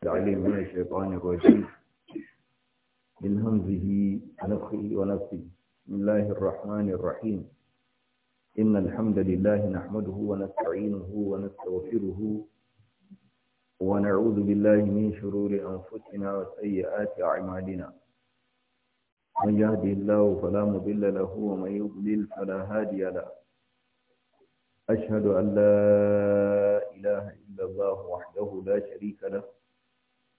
تعليم من الشيطان الرجيم من همزه نفخه ونفسه بسم الله الرحمن الرحيم إن الحمد لله نحمده ونستعينه ونستغفره ونعوذ بالله من شرور أنفسنا وسيئات أعمالنا من يهده الله فلا مضل له ومن يضلل فلا هادي له أشهد أن لا إله إلا الله وحده لا شريك له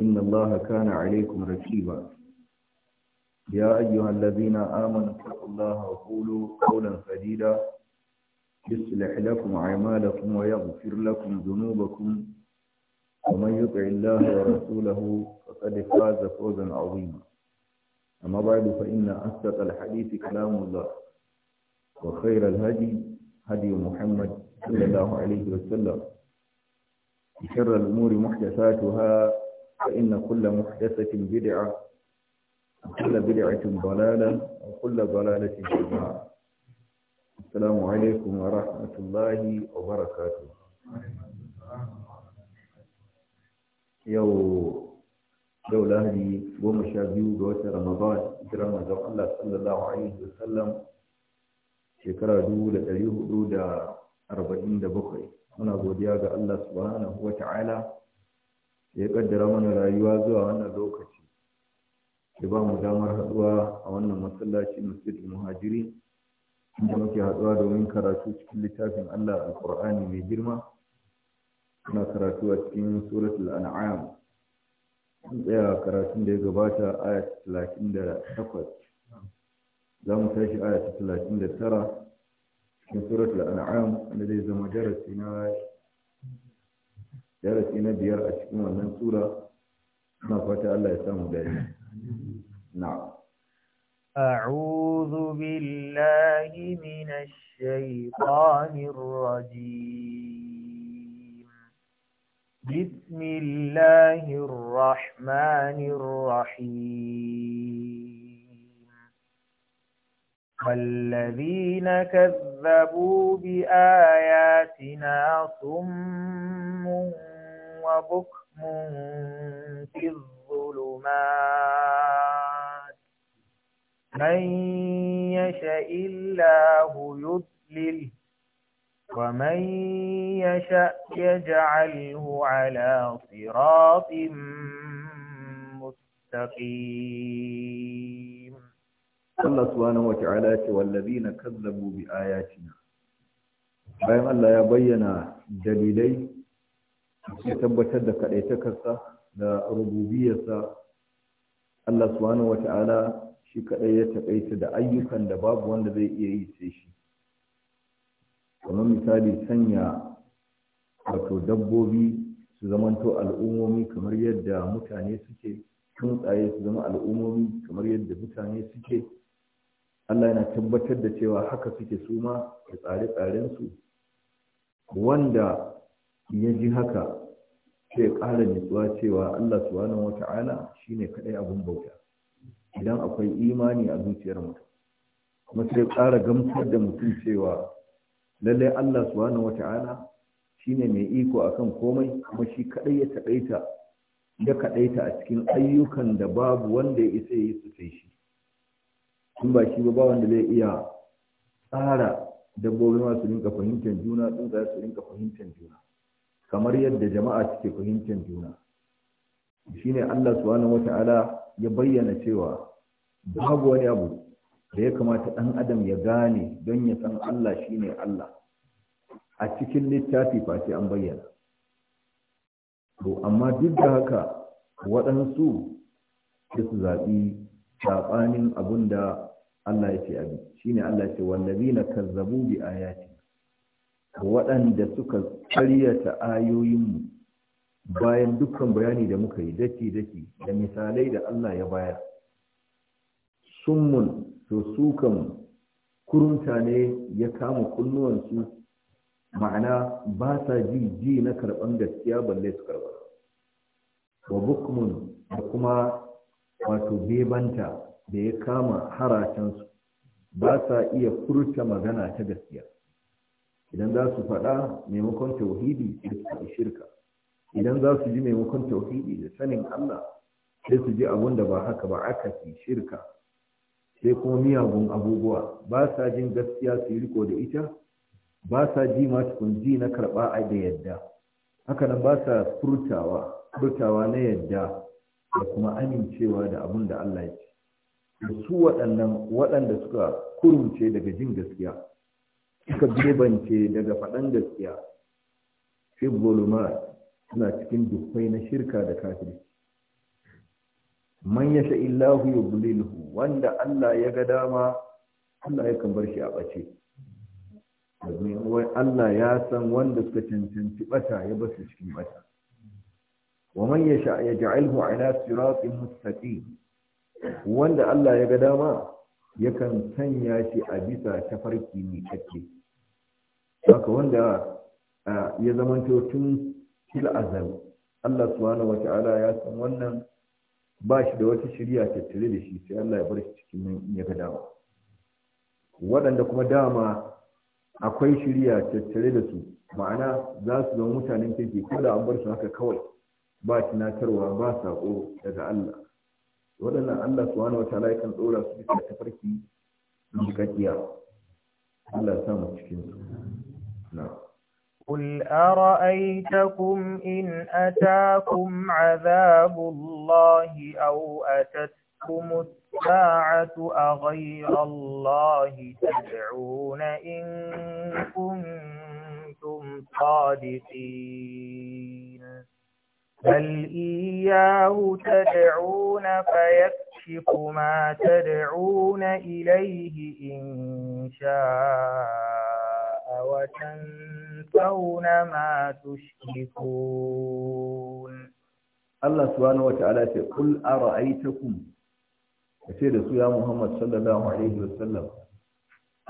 إن الله كان عليكم ركيبا يا أيها الذين آمنوا اتقوا الله وقولوا قولا سديدا يصلح لكم أعمالكم ويغفر لكم ذنوبكم ومن يطع الله ورسوله فقد فاز فوزا عظيما أما بعد فإن أصدق الحديث كلام الله وخير الهدي هدي محمد صلى الله عليه وسلم شر الأمور محدثاتها فإن كل محدثة بدعة وكل بدعة ضلالة وكل ضلالة جماعة السلام عليكم ورحمة الله وبركاته يو يو لهدي ومشابيو بوسع رمضان جرام الله صلى الله عليه وسلم شكرا دولة اليهود أربعين دبقي أنا أقول الله سبحانه وتعالى ya kaddara mana rayuwa zuwa wannan lokaci ya ba mu damar haɗuwa a wannan masallaci masjid muhajiri inda muke haɗuwa domin karatu cikin littafin Allah alƙur'ani mai girma muna karatu a cikin suratul an'am mun tsaya karatun da ya gabata aya talatin za mu tashi aya talatin da tara cikin suratul an'am wanda zai zama darasi na darasi na biyar a cikin wannan sura na fata Allah ya samu dadi أعوذ بالله من الشيطان الرجيم بسم الله الرحمن الرحيم والذين كذبوا بآياتنا صم وبكم في الظلمات من يشاء الله يضلل ومن يشاء يجعله على صراط مستقيم الله سبحانه وتعالى والذين كذبوا بآياتنا بين الله يبين دليلين ya tabbatar da kaɗaitakarsa da rububiyarsa Allah subhanahu wa ta'ala shi kaɗai ya taƙaita da ayyukan da babu wanda zai iya yi sai shi kamar misali sanya wato dabbobi su zamanto al'ummomi kamar yadda mutane suke tsuntsaye su zama al'ummomi kamar yadda mutane suke Allah yana tabbatar da cewa haka suke suma da tsare-tsarensu wanda ya ji haka sai ƙara nutsuwa cewa Allah subhanahu wata'ala shine kadai abun bauta idan akwai imani a zuciyar mutum kuma sai ƙara gamsar da mutum cewa lallai Allah subhanahu wata'ala shine mai iko akan komai kuma shi kadai ya taƙaita ya kaɗaita a cikin ayyukan da babu wanda ya isa yi su sai shi tun ba shi ba ba wanda zai iya tsara dabbobi masu rinka fahimtar juna tsuntsaye su rinka fahimtar juna kamar yadda jama'a suke fahimtar juna shine Allah subhanahu wata'ala ya bayyana cewa babu wani abu da ya kamata ɗan adam ya gane don ya san Allah shine Allah a cikin littafi face an bayyana to amma duk da haka waɗansu da su zaɓi saɓanin abin da Allah ya ce abi shine Allah ya ce wallazina kazzabu bi ayati waɗanda suka karyata ayoyinmu bayan dukkan bayani da muka yi daki-daki da misalai da Allah ya bayar summun to sukan kurunta ne ya kama kunnuwansu ma'ana ba sa ji ji na karɓan gaskiya balle su karɓa wa bukmun da kuma wato bebanta da ya kama haracensu ba sa iya furta magana ta gaskiya idan za su faɗa maimakon tauhidi sai su shirka idan za su ji maimakon tauhidi da sanin Allah sai su ji abun da ba haka ba aka fi shirka sai kuma miyagun abubuwa ba sa jin gaskiya su yi riko da ita ba sa ji ma cikin ji na karɓa a da yadda haka nan ba sa furtawa furtawa na yadda da kuma amincewa da abun da Allah ya ce su waɗannan waɗanda suka kurumce daga jin gaskiya suka bebance daga faɗan gaskiya fi goloma suna cikin dukkai na shirka da kafiri man ya sha illahu yudlilhu wanda Allah ya ga dama Allah ya kan bar shi a ɓace Allah ya san wanda suka cancanci ɓata ya basu cikin ɓata. wa man yasha yaj'alhu ala siratin mustaqim wanda Allah ya ga dama yakan sanya shi a bisa tafarki mai kake haka wanda ya zama tun fil azal Allah subhanahu ta'ala ya san wannan ba shi da wata shirya tattare da shi sai Allah ya bar shi cikin nan ya ga dama waɗanda kuma dama akwai shirya tattare da su ma'ana za su zama mutanen kirki ko da an bar su haka kawai ba tunatarwa ba saƙo daga Allah waɗannan Allah subhanahu wataala yakan ɗora su bisa tafarki jikakkiya Allah ya sa mu cikin su نعم. قل أرأيتكم إن أتاكم عذاب الله أو أتتكم الساعة أغير الله تدعون إن كنتم صادقين بل إياه تدعون فيكشف ما تدعون إليه إن شاء وتنسون ما تشركون الله سبحانه وتعالى قل أرأيتكم كثير يا محمد صلى الله عليه وسلم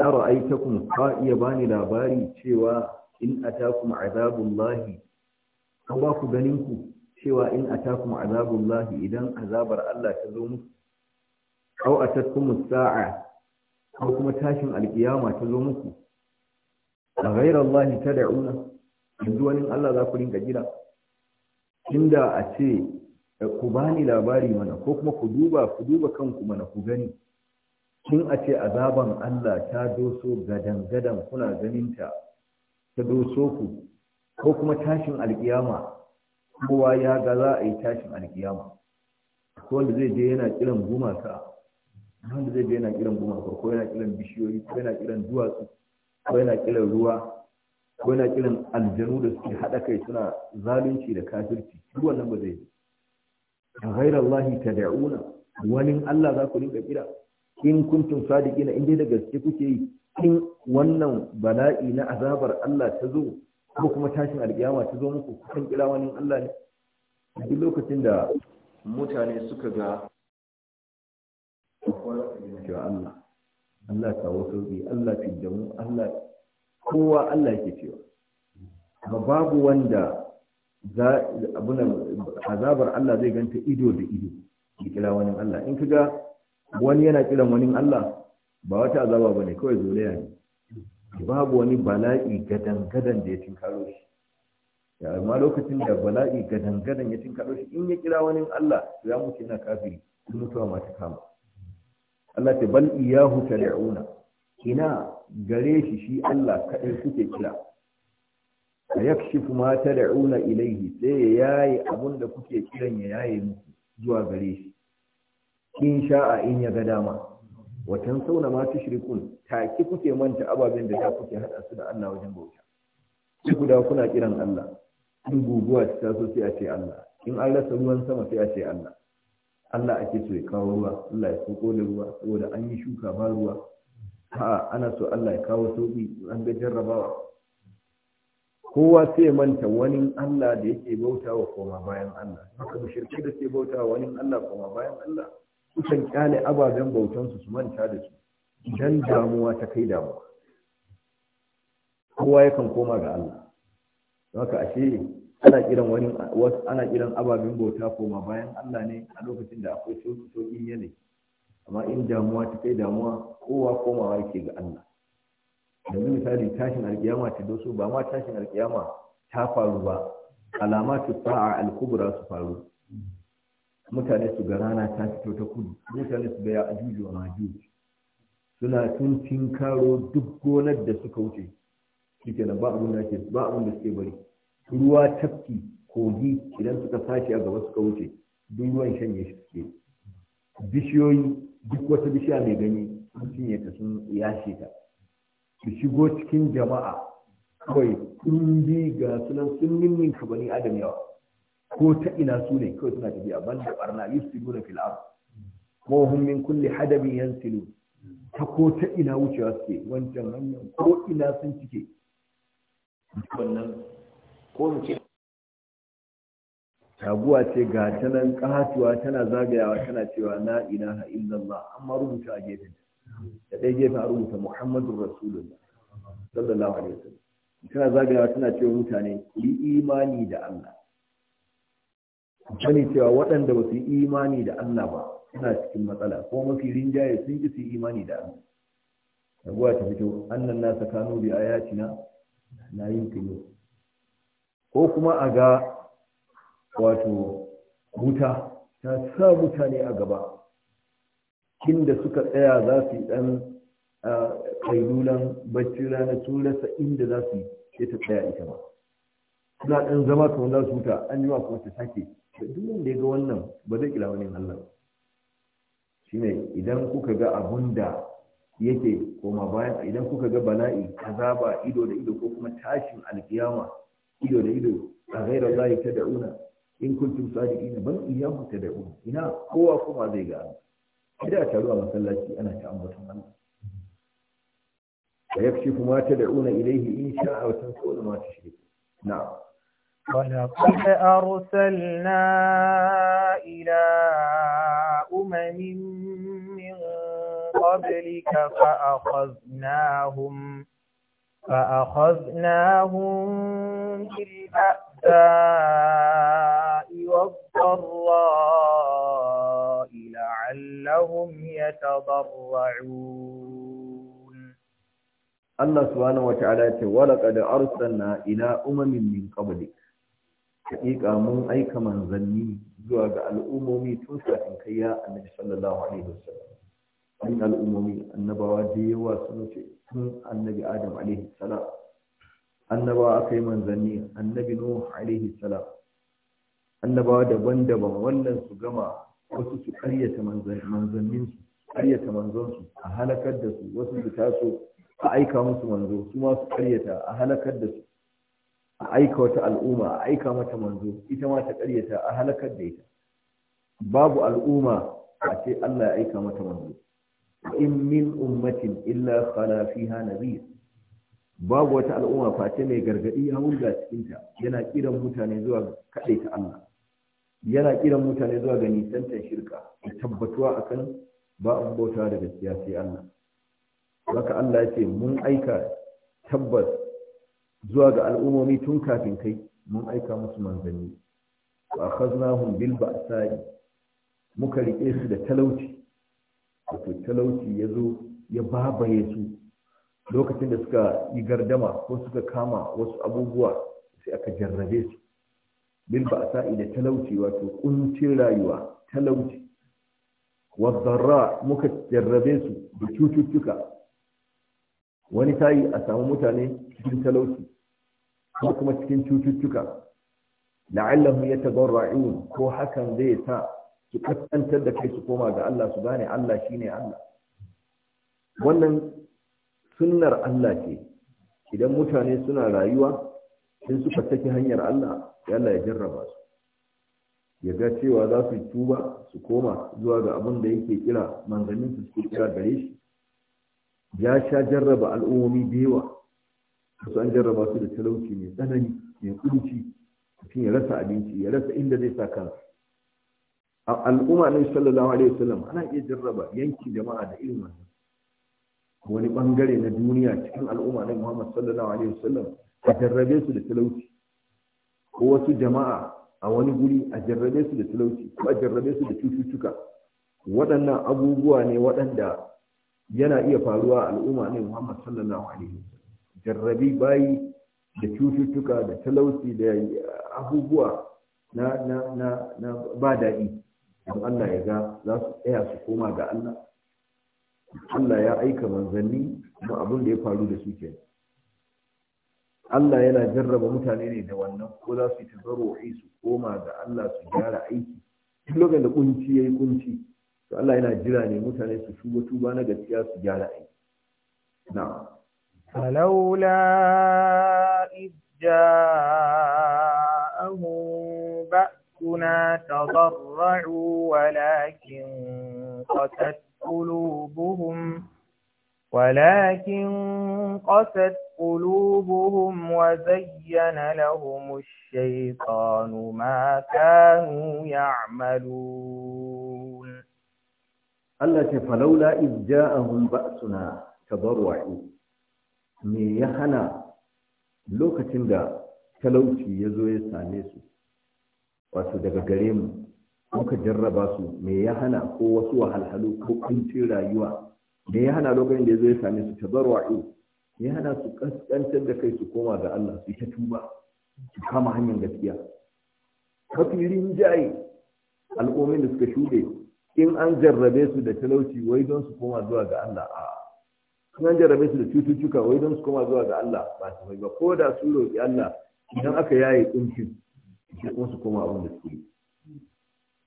أرأيتكم قائي باني لاباري سوى إن أتاكم عذاب الله أباك بنينكم cewa in atakum azabullahi idan azabar Allah ta zo muku aw atatkum sa'a ko kuma tashin alkiyama ta zo muku a gairar Allah ta da'una yanzu wani Allah za ku ringa jira inda a ce ku bani labari mana ko kuma ku duba ku duba kanku mana ku gani kin a ce azaban Allah ta doso gadan gadan kuna ganinta ta doso ku ko kuma tashin alkiyama kowa ya ga za a yi tashin alkiyama ko wanda zai je yana kiran gumaka wanda zai je yana kiran gumaka ko yana kiran bishiyoyi ko yana kiran duwatsu ko yana kiran ruwa ko yana kiran aljanu da suke haɗa kai suna zalunci da kafirci duk wannan ba zai yi a Allah ta da'una wani Allah za ku rinka kira in kuntum sadiqina in dai da gaske kuke yi in wannan bala'i na azabar Allah ta zo ko kuma tashin alƙiyama ta zo muku kukan kira wani Allah ne duk lokacin da mutane suka ga Allah Allah kawo sauki Allah fiddamu Allah kowa Allah yake cewa amma babu wanda abunan azabar Allah zai ganta ido da ido ki kira wani Allah in kaga wani yana kiran wani Allah ba wata azaba bane kawai zolaya ne babu wani bala'i gadan gadan da ya tinkaro shi ya amma lokacin da bala'i gadan gadan ya tinkaro shi in ya kira wani Allah ya mutu yana kafiri mutuwa ma ta kama Allah ta bal iyahu tad'una ina gare shi shi Allah kadai kuke kira ya yakshifu ma tad'una ilaihi, sai ya yayi abun da kuke kiran ya yayi muku zuwa gare shi in sha'a in ya ga dama Watan Sauna ma tushrikun ta ki kuke manta ababen da ta kuke hada su da Allah wajen bauta ki ku kuna kiran Allah in guguwa ta so sai a ce Allah in Allah rasa ruwan sama sai a ce Allah Allah ake so ya kawo ruwa Allah ya soko da ruwa saboda an yi shuka ba ruwa a'a ana so Allah ya kawo sauki an ga jarrabawa kowa sai manta wani Allah da yake bauta wa koma bayan Allah haka shirke da sai bauta wa wani Allah koma bayan Allah Kusan kyale ababen bautansu su manta da su dan damuwa ta kai damuwa kowa yakan koma ga Allah haka ashe ana kiran wani ana kiran ababen bauta koma bayan Allah ne a lokacin da akwai sauki sauki yanayi amma in damuwa ta kai damuwa kowa komawa yake ga Allah yanzu misali tashin alkiyama ta doso ba ma tashin alkiyama ta faru ba alamatu sa'a al-kubra su faru mutane su ga rana ta fito ta kudu mutane su ga ya ajuju a majuju suna tun karo duk gonar da suka wuce shikenan ba abin da suke bari ruwa tafki kogi idan suka sashi a gaba suka wuce duk ruwan shanye shi suke bishiyoyi duk wata bishiya mai gani sun cinye ta sun yashe ta su shigo cikin jama'a kawai sun bi ga sunan sun nimmin ka bani adam yawa ko ta ina su ne kawai suna tafiya ban da barna yustiluna fil ard Ko hum min kulle hadabin yansilu ta ko ta ina wucewa suke wancan hanyar ko ina sun cike wannan ko mu ce taguwa ce ga ta nan ƙahatuwa tana zagayawa tana cewa ina ha illallah amma rubuta a gefen da ɗaya gefen a rubuta muhammadun rasulullah sallallahu alaihi wasallam tana zagayawa tana cewa mutane ku yi imani da Allah sani cewa waɗanda ba su yi imani da Allah ba suna cikin matsala ko mafi rinjaye sun ki su yi imani da Allah taguwa ta fito annan nasa kanu bi ayatina yin yumkinu ko kuma a ga wato wuta ta sa mutane a gaba inda suka tsaya za su yi dan kailulan bacci rana sun rasa inda za su yi ta tsaya ita ba suna dan zama kamar za su huta an yi wa kuma ta sake da duk wanda ya ga wannan ba zai kila wani Allah shine idan kuka ga abun da yake koma bayan idan kuka ga bala'i azaba ido da ido ko kuma tashin alkiyama ido da ido a gairar layi ta da'una in kuntum sadiqina ban iyahu ta da'una ina kowa kuma zai ga Allah idan ta ruwa masallaci ana ta ambaton Allah wa yakshifu ma da'una ilayhi in sha'a wa tansawna ma tushriku na'am ولقد أرسلنا إلى أمم من قبلك فأخذناهم فأخذناهم بالبأساء والضراء لعلهم يتضرعون الله سبحانه وتعالى ولقد أرسلنا إلى أمم من قبلك حقيقة من أيك من ظني زوج الأمم توسع كيا النبي صلى الله عليه وسلم Wani al'ummomi annabawa da yawa sun wuce tun annabi adam alaihi salam annabawa aka yi manzanni annabi nuhu, alaihi salam annabawa daban-daban wannan su gama wasu su karyata manzannin su karyata manzonsu a halakar da su wasu su taso a aika musu manzo su ma su karyata a halakar da su a aika wata al'umma a aika mata manzo ita ma ta karyata a halakar da ita babu al'umma a ce Allah ya aika mata manzo in min ummatin illa khala fiha nabiy babu wata al'umma face mai gargadi ya hulga cikinta yana kiran mutane zuwa kaɗai ta Allah yana kiran mutane zuwa ga nisantar shirka da tabbatuwa akan ba an bauta da gaskiya sai Allah haka Allah ya ce mun aika tabbas zuwa ga al'ummomi tun kafin kai mun aika musu manzanni wa akhaznahum bil ba'sa'i muka rike su da talauci wato talauci ya zo ya babaye su lokacin da suka yi gardama ko suka kama wasu abubuwa sai aka jarrabe su bil ba'sa'i da talauci wato kuncin rayuwa talauci wadarra muka jarrabe su da cututtuka wani tayi a samu mutane cikin talauci ko kuma cikin cututtuka la'allahu yatadarra'un ko hakan zai sa su kaskantar da kai su koma ga Allah su gane Allah shine Allah wannan sunnar Allah ce idan mutane suna rayuwa sun suka take hanyar Allah yalla ya jarraba su ya ga cewa za su tuba su koma zuwa ga abin da yake kira manzannin su suke kira gare shi ya sha jarraba al'ummomi da yawa su an jarraba su da talauci mai tsanani mai kunci ya rasa abinci ya rasa inda zai sa kansa al'umma ne sallallahu alaihi wasallam ana iya jarraba yankin jama'a da irin wannan wani bangare na duniya cikin al'umma ne Muhammad sallallahu alaihi wasallam a jarrabe su da talauci ko wasu jama'a a wani guri a jarrabe su da talauci ko a jarrabe su da cututtuka waɗannan abubuwa ne waɗanda yana iya faruwa al'umma ne Muhammad sallallahu alaihi wasallam jarrabi bayi da cututtuka da talauci da abubuwa na na na ba daɗi Idan Allah ya ga za su tsaya su koma ga Allah Allah ya aika manzanni kuma abin da ya faru da su ke Allah yana jarraba mutane ne da wannan ko za su yi ai su koma ga Allah su gyara aiki duk lokacin da kunci yayi kunci to Allah yana jira ne mutane su tuba tuba na gaskiya su gyara aiki na'am falawla إذ جاءهم ربنا تضرعوا ولكن قست قلوبهم ولكن قست قلوبهم وزين لهم الشيطان ما كانوا يعملون الله فلولا إذ جاءهم بأسنا تضرعوا me ya hana lokacin da talauci ya zo ya same su wato daga gare mu muka jarraba su me ya hana ko wasu wahalhalu ko kuncin rayuwa me ya hana lokacin da ya zo ya same su tabarwa'u me ya hana su kaskantar da kai su koma ga Allah su ta tuba su kama hanyar gaskiya kafi rinjaye al'ummar da suka shuɗe in an jarrabe su da talauci wai don su koma zuwa ga Allah a in an jarrabe su da cututtuka wai don su koma zuwa ga Allah ba su ba ko da su roƙi Allah idan aka yaye kuncin sai kuma su koma abin da suke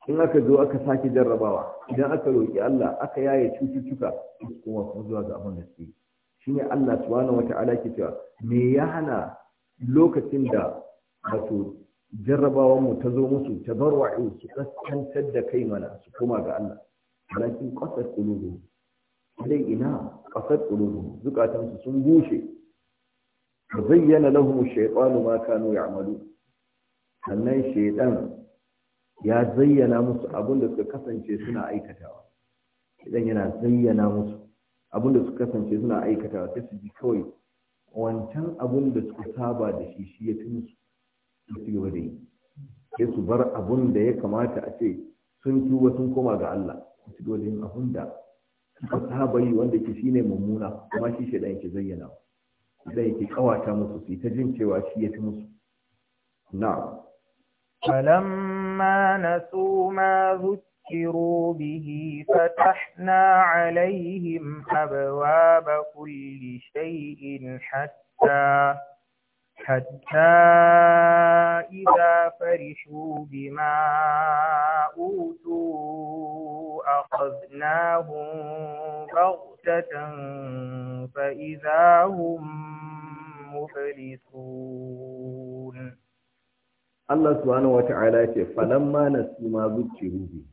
in aka zo aka sake jarrabawa idan aka roƙi Allah aka yaye cututtuka su koma kuma zuwa ga abin da suke shine Allah subhanahu wata'ala ke cewa me ya hana lokacin da wato jarrabawan mu ta zo musu ta bar tabarwa'u su kaskantar da kai mana su koma ga Allah walakin qasat qulubuhum dai ina qasat qulubuhum zukatan su sun bushe bayyana lahum shaytanu ma kanu ya'malu sannan shaidan ya zayyana musu abin da suka kasance suna aikatawa shaidan yana zayyana musu abin da suka kasance suna aikatawa sai su ji kawai wancan abin da suka saba da shi shi ya fi musu su ci gaba yi sai su bar abin da ya kamata a ce sun tuba sun koma ga Allah su ci gaba da yin abin da suka saba yi wanda ke ne mummuna kuma shi shaidan yake zayyana shaidan yake kawata musu su yi ta jin cewa shi ya fi musu na'am فلما نسوا ما ذكروا به فتحنا عليهم أبواب كل شيء حتى حتى إذا فرحوا بما أوتوا أخذناهم بغتة فإذا هم مفلسون Allah subhanahu wa wata'ala ce falamma nasu ma zuci bi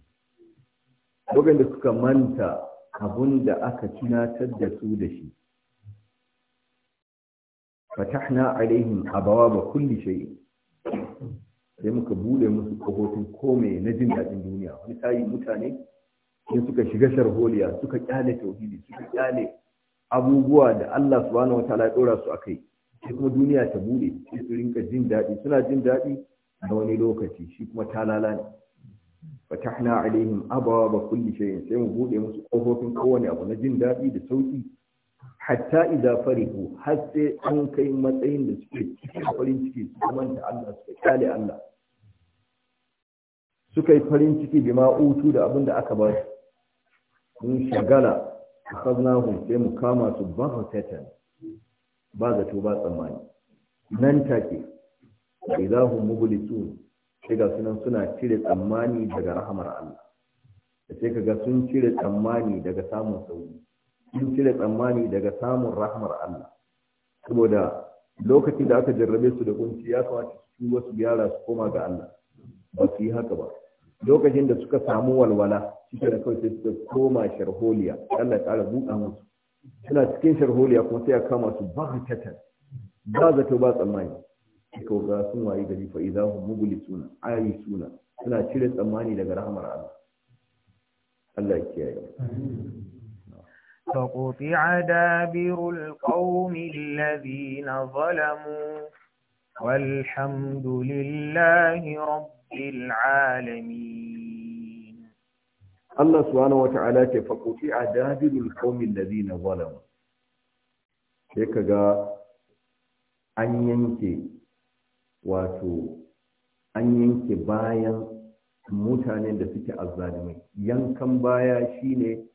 dogon da suka manta abun da aka tunatar da su da shi fatahna alaihim abawaba kulli shay'in sai muka bude musu kofofin kome na jin daɗin duniya wani tayi mutane sai suka shiga sharholiya suka kyale tauhidi suka kyale abubuwa da Allah subhanahu wa ta'ala ya dora su akai sai kuma duniya ta bude sai su rinka jin daɗi suna jin daɗi na wani lokaci shi kuma talala ne fatahna alaihim ababa kulli shay'in sai mu bude musu kofofin kowane abu na jin daɗi da sauki hatta idza farihu har sai an kai matsayin da suke cikin farin ciki su manta Allah suka kyale Allah suka yi farin ciki bi ma utu da abin da aka ba su mun shagala akhadnahu sai mu kama su baghtatan ba zato ba tsammani nan take wa idahum mublisun sai ga sunan suna cire tsammani daga rahamar Allah da sai kaga sun cire tsammani daga samun sauki sun cire tsammani daga samun rahamar Allah saboda lokacin da aka jarrabe su da kunci ya kamata su wasu gyara su koma ga Allah ba su yi haka ba lokacin da suka samu walwala cikin da kawai sai suka koma sharholiya Allah ya kara buɗa musu suna cikin sharholiya kuma sai ya kama su ba ba zato ba tsammani ko ga sun wayi gari fa idahum mublisuna ayisuna suna cire tsammani daga rahmar Allah Allah ya kiyaye فقطع دابر القوم الذين ظلموا والحمد لله رب العالمين الله سبحانه وتعالى فقطع دابر القوم الذين ظلموا sai kaga an yanke wato an yanke bayan mutanen da suke azzalumai yankan baya shine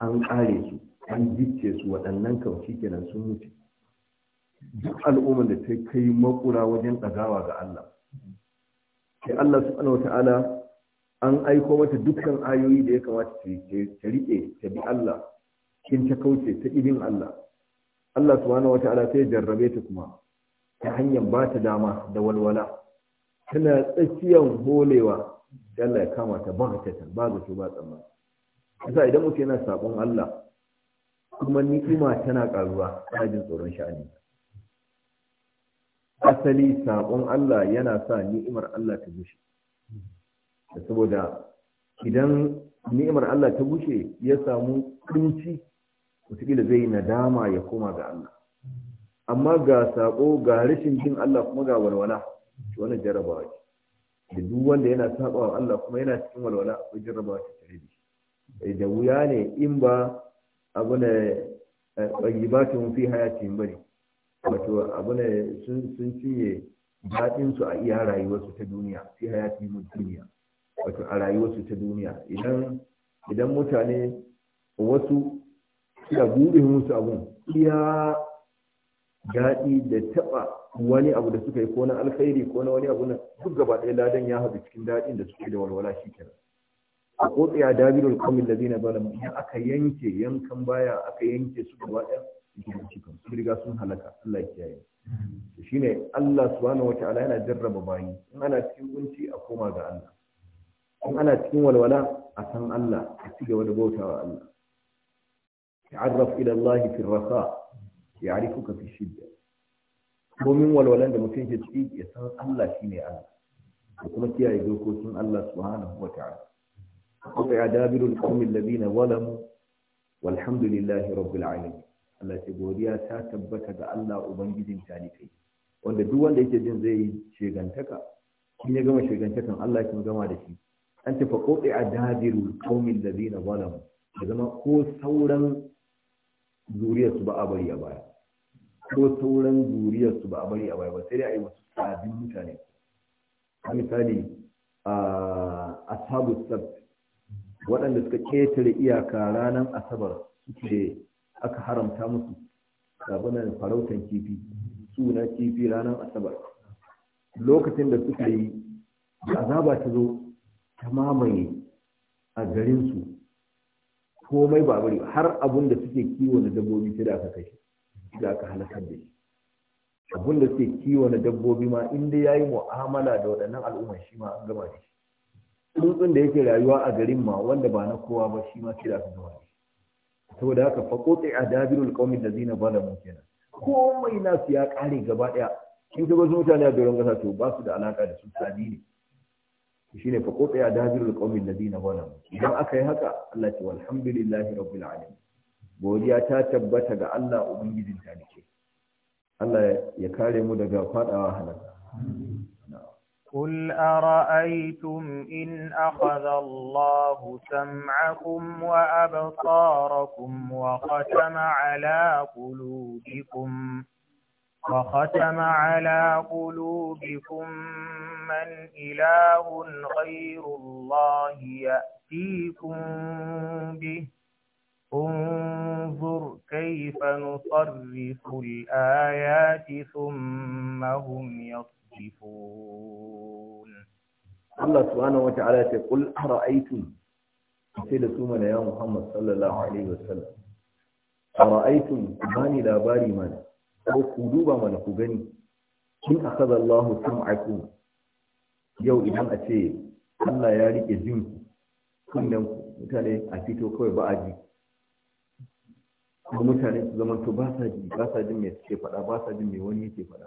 an ƙare su an gicce su waɗannan kamshi kenan sun mutu duk al'ummar da ta kai makura wajen ɗagawa ga Allah sai Allah subhanahu wata'ala an aiko mata dukkan ayoyi da ya kamata ta riƙe ta bi Allah kin ta kauce ta ibin Allah Allah subhanahu wata'ala sai jarrabe ta kuma ta hanyar ba ta dama da walwala tana tsakiyar holewa Allah ya kama ta ba ta ta ba zato ba tsammani yasa idan mutum yana sabon Allah kuma ni'ima tana karuwa ana jin tsoron sha'ani asali sabon Allah yana sa ni'imar Allah ta gushe saboda idan ni'imar Allah ta gushe ya samu kunci wataƙila zai nadama ya koma ga Allah amma ga sako ga rashin jin Allah kuma ga walwala wannan jarabawa ce da duk wanda yana saba wa Allah kuma yana cikin walwala akwai jarabawa ta tare da shi eh, da wuya ne in ba abu ne tsayibatun eh, fi hayatin bari wato abu ne sun cinye daɗin su a iya su ta duniya fi hayatin duniya wato a rayuwarsu ta duniya idan idan mutane wasu suna buɗe musu abun iya daɗi da taɓa wani abu da suka yi ko na alkhairi ko na wani abu na duk gaba ɗaya ladan ya haɗu cikin daɗin da suke da walwala shi kenan a kotsa ya dabirul da ladina zalamu idan aka yanke yankan baya aka yanke su gaba ɗaya cikin cikin sun riga sun halaka Allah ya kiyaye ne Allah subhanahu wataala yana jarraba bayi in ana cikin kunci a koma ga Allah in ana cikin walwala a san Allah a ci gaba da bautawa Allah ta'arraf ila Allah fi rafa ya fi shidda komin walwalan da mutum ke ciki ya san Allah shine Allah da kuma kiyaye dokokin Allah subhanahu wa ta'ala qata adabirul qawmil ladina zalamu walhamdulillahi rabbil alamin Allah ce godiya ta tabbata ga Allah ubangijin talikai wanda duk wanda yake jin zai yi shegantaka in ya gama shegantakan Allah ya gama da shi an ce fa qati adabirul qawmil ladina zalamu ya zama ko sauran zuriyarsu ba a bari a baya ko sauran su ba a bari a baya ba sai dai a yi wasu sabbin mutane a misali ashabu sabt waɗanda suka ƙetare iyaka ranar asabar suke aka haramta musu sabunan farautan kifi suna kifi ranar asabar lokacin da suka yi azaba ta zo ta mamaye a garinsu komai ba bari har abun da suke kiwo na dabbobi sai da aka kashe da aka halakar da shi abun da suke kiwo na dabbobi ma in dai yayi mu'amala da waɗannan al'umma shi ma an gama da shi tsuntsun da yake rayuwa a garin ma wanda ba na kowa ba shi ma shi da aka da shi saboda haka faqoti adabirul qaumin ladina zalamu kenan komai nasu ya kare gaba ɗaya, in ga wasu mutane a doron gasa to ba su da alaka da su Sani ne shi ne faƙoƙa ya dajirul ƙaumin zalamu idan aka yi haka Allah ce walhamdulillahi rabbil alamin godiya ta tabbata ga Allah ubangijin ta talike Allah ya kare mu daga fadawa halaka قل أرأيتم إن أخذ الله سمعكم وأبصاركم وختم على قلوبكم وختم على قلوبكم من إله غير الله يأتيكم به كيف نصرف الآيات ثم هم يصدفون الله سبحانه وتعالى يقول أرأيتم سيدة يا محمد صلى الله عليه وسلم أرأيتم باني لا باري من أو قلوب من قبني إن أخذ الله سمعكم yau idan a ce Allah ya rike jinku kunnen mutane a fito kawai ba a ji kuma mutane su zama to ba sa ji ba sa jin me suke faɗa ba sa jin me wani yake faɗa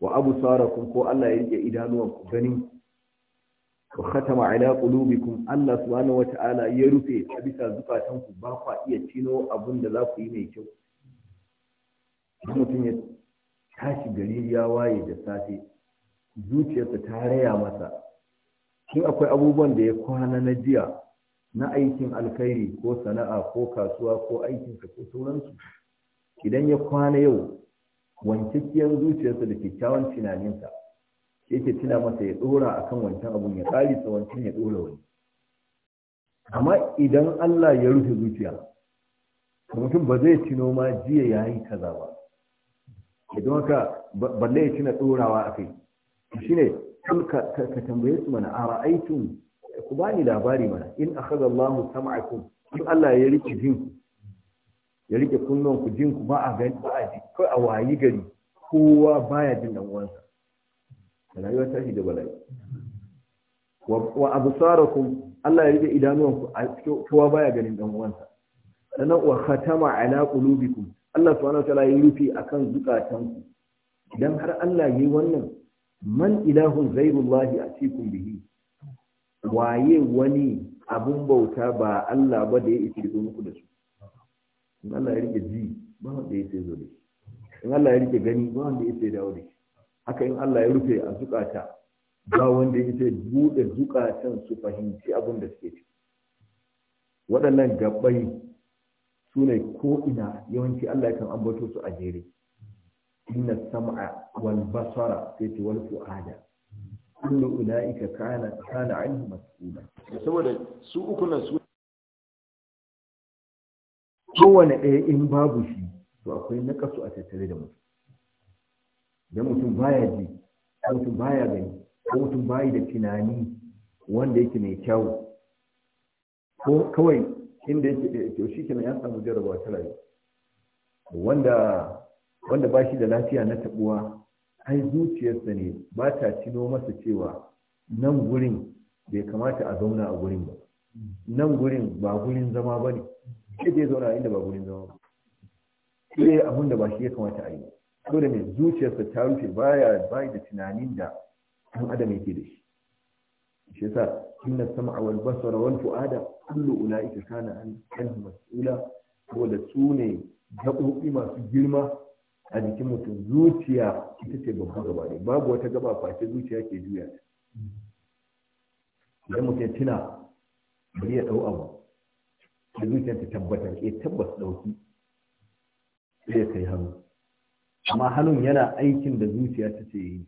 wa abu kun ko Allah ya rike idanuwan ku ganin wa khatama ala qulubikum Allah subhanahu Ta'ala ya rufe a bisa zukatan ku ba kwa iya cino abun da za ku yi mai kyau mutum ya tashi gari ya waye da safe zuciyarsa ta raya masa shin akwai abubuwan da ya kwana na jiya na aikin alkhairi ko sana'a ko kasuwa ko aikinsa ko sauransu idan ya kwana yau wancikiyar zuciyarsa da kyakkyawan tunaninsa yake tuna masa ya dora akan wancan abun ya kari wancan ya dora wani amma idan Allah ya rufe zuciya mutum ba zai tuno ma jiya ya yi kaza ba idan haka balle ya tuna dorawa a kai shine ka tambaye su mana a ra'aitun ku bani labari mana in akhadha Allahu sam'akum in Allah ya rike ku ya rike kunnon ku jinku ba a gani ba a ji ko a wayi gari kowa baya jin dan uwansa rayuwa ta shi da bala'i wa absarakum Allah ya rike idanuwanku a kowa baya ganin dan uwansa sannan wa khatama ala qulubikum Allah subhanahu ta'ala ya rufe akan ku idan har Allah yi wannan man ilahun ghairullahi atikum bihi waye wani abun bauta ba Allah ba da ya ishe zo muku da su in Allah ya rike ji ba wanda ya sai zo da shi in Allah ya rike gani ba wanda ya sai dawo da shi haka in Allah ya rufe a zukata ba wanda ya sai buɗe zukatan su fahimci abin da suke ciki waɗannan gabbai su ne ko ina yawanci Allah kan ambato su a jere inna sam'a wal basara sai ce wal fu'ada kullu ulaika kana kana anhu mas'ula saboda su uku nan su kowane ɗaya in babu shi to akwai nakasu a tattare da mutum dan mutum baya ji ko mutum baya gani ko mutum bayi da tunani wanda yake mai kyau ko kawai inda yake eh, to shi kenan ya samu jarabawa ta rayuwa wanda wanda ba shi da lafiya na tabuwa ai zuciyarsa ne ba ta cino masa cewa nan gurin bai kamata a zauna a gurin ba nan gurin ba gurin zama ba ne sai zai zauna inda ba gurin zama ba sai dai abin da ba shi ya kamata a yi da mai zuciyarsa ta rufe baya bai da tunanin da ɗan adam yake da shi shi yasa inna sam'a wal basara wal fu'ada kullu ulaika kana an Mas'uula, mas'ula da su ne gaɓoɓi masu girma a jikin mutum zuciya ita ce babban gaba ne babu wata gaba face zuciya ke juya idan mutum ya tuna bari ya ɗau abu da zuciya ta tabbatar ya eh tabbas ɗauki sai ya kai hannu amma hannun yana aikin da zuciya ta ce yi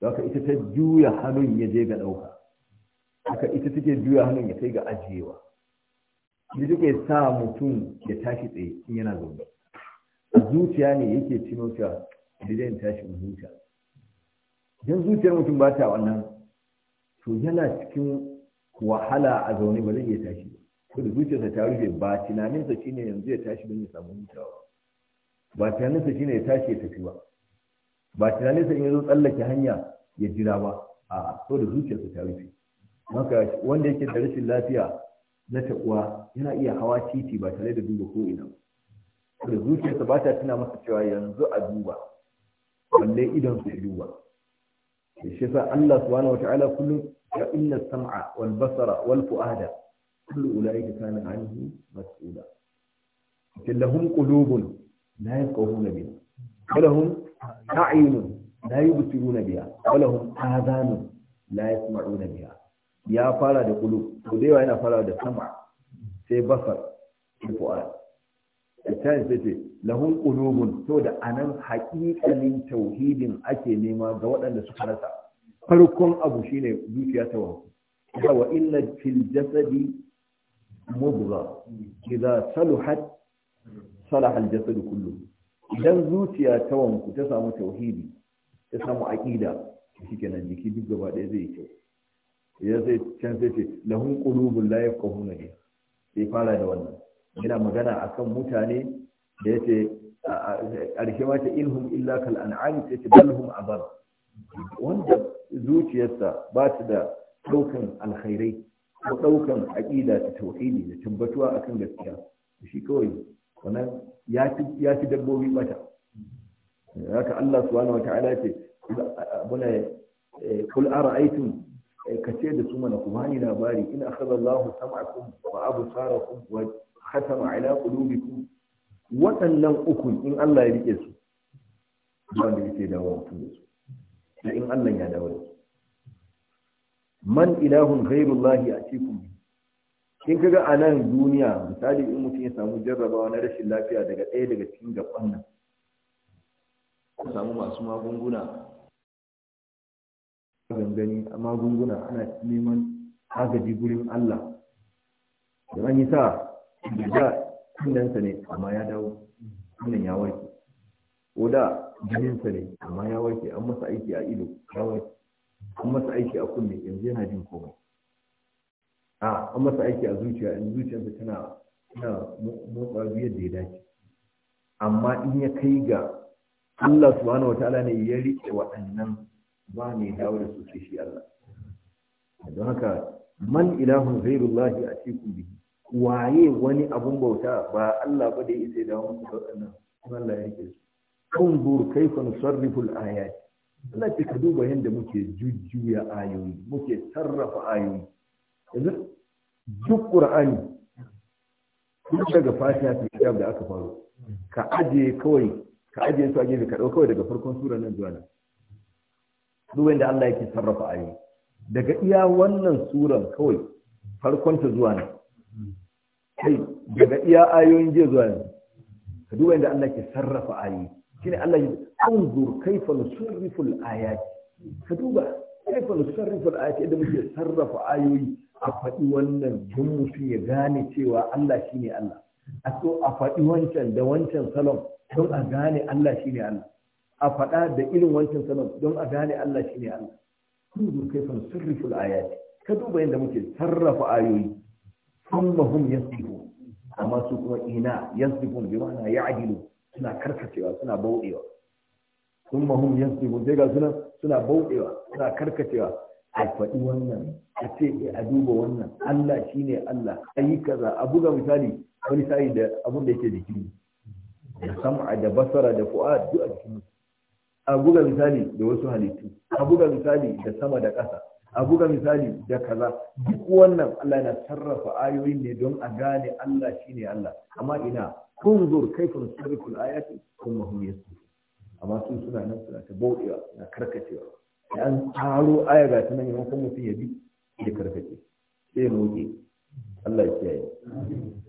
haka ita ta juya hannun ya je ga ɗauka haka ita take juya hannun ya kai ga ajiyewa ita take sa mutum ya tashi tsaye in yana zaune zuciya ne yake cino ta bidan tashi zuciya idan zuciyar mutum ba ta wannan to yana cikin wahala a zaune ba zai iya tashi ba ko da zuciyarsa ta rufe ba tunaninsa shine yanzu ya tashi don ya samu hutawa ba tunaninsa shine ya tashi ya tafi ba ba tunaninsa in ya zo tsallake hanya ya jira ba a so da zuciyarsa ta rufe haka wanda yake da rashin lafiya na taɓuwa yana iya hawa titi ba tare da duba ko ina ba da zuciyarsa ba ta tuna masa cewa yanzu a duba balle idan su duba shi yasa Allah subhanahu wataala kullum ya inna sam'a wal basara wal fu'ada kullu ulaika kana anhu mas'ula lahum qulubun la yafqahuna biha wa lahum a'yunun la yubsiruna biha wa lahum adhanun la yasma'una biha ya fara da qulub to da yana fara da sam'a sai basar fu'ada shayin sai lahun qulubun to da anan haƙiƙanin tauhidin ake nema ga waɗanda suka rasa farkon abu shine zuciya ta wanku wa inna fil jasadi mudgha idza saluhat salaha al jasad idan zuciya tawanku ta samu tauhidi ta samu aqida shikenan jiki duk gaba ɗaya zai kyau ya sai can sai ce lahun qulubun la yafqahuna biha sai fara da wannan yana magana akan mutane da yace ƙarshe ma ta ilhum illa kal an'am ta ce a abar wanda zuciyarsa ba ta da ɗaukan alkhairai ko ɗaukan aƙida ta tauhidi da tabbatuwa akan gaskiya shi kawai wannan ya fi dabbobi bata haka Allah subhanahu wata'ala ce muna kul eh, ara'aytum eh, kace da su mana kuma ni labari in akhadha Allahu sam'akum wa absarakum wa khatama ala qulubikum waɗannan uku in Allah ya rike su ba da yake dawo mutum da su da in Allah ya dawo da su man ilahun ghairullahi atikum in kaga a nan duniya misali in mutum ya samu jarrabawa na rashin lafiya daga ɗaya daga cikin gaban nan ku samu masu magunguna gangani a magunguna ana neman agaji gurin Allah da an yi sa da kunnensa ne amma ya dawo kunnen ya warke ko da jininsa ne amma ya warke an masa aiki a ido ya warke an masa aiki a kunne yanzu yana jin komai a an masa aiki a zuciya in zuciyarsa tana tana motsa da ya dace amma in ya kai ga Allah subhanahu wataala ne ya rike waɗannan ba ne dawo da su shi Allah don haka man ilahun ghairullahi atikum bihi waye wani abun bauta ba Allah ba da ya isa da wani waɗannan Allah ya ke su kai kun nusarrifu al-ayat Allah ki ka duba yadda muke jujjuya ayoyi muke sarrafa ayoyi yanzu duk qur'ani duk daga fatiha ta kitab da aka faru ka aje kawai ka aje su a gefe ka kawai daga farkon sura nan zuwa nan duk wanda Allah yake sarrafa ayoyi daga iya wannan suran kawai farkon ta zuwa nan kai daga iya ayoyin jiya zuwa yanzu ka duba yadda Allah ke sarrafa ayoyi shine Allah ya anzur kaifa nusarrifu al-ayat ka duba kaifa nusarrifu al-ayat yadda muke sarrafa ayoyi a faɗi wannan don mutum ya gane cewa Allah shine Allah a so a faɗi wancan da wancan salon don a gane Allah shine Allah a faɗa da irin wancan salon don a gane Allah shine Allah anzur kaifa nusarrifu al-ayat ka duba yadda muke sarrafa ayoyi thumma hum yasbihu amma su kuma ina yasbihu bi ma'ana ya'dilu suna karkacewa suna bauɗewa thumma hum yasbihu sai ga suna suna bauɗewa suna karkacewa a faɗi wannan a ce eh, a duba wannan Allah shine Allah ayi kaza a buga misali wani sai da abun da yake jiki da sam'a da basara da fu'ad duk a cikin a buga misali da wasu halittu a buga misali da sama da ƙasa a buga misali da kaza duk wannan Allah yana sarrafa ayoyin ne don a gane Allah shine Allah amma ina kunzur kaifa nusarrifu ayati kuma hum yasrifun amma su suna nan suna ta bauɗewa na karkacewa da an taro aya ga tunan yawan kuma mutum ya bi ya karkace sai muke Allah ya kiyaye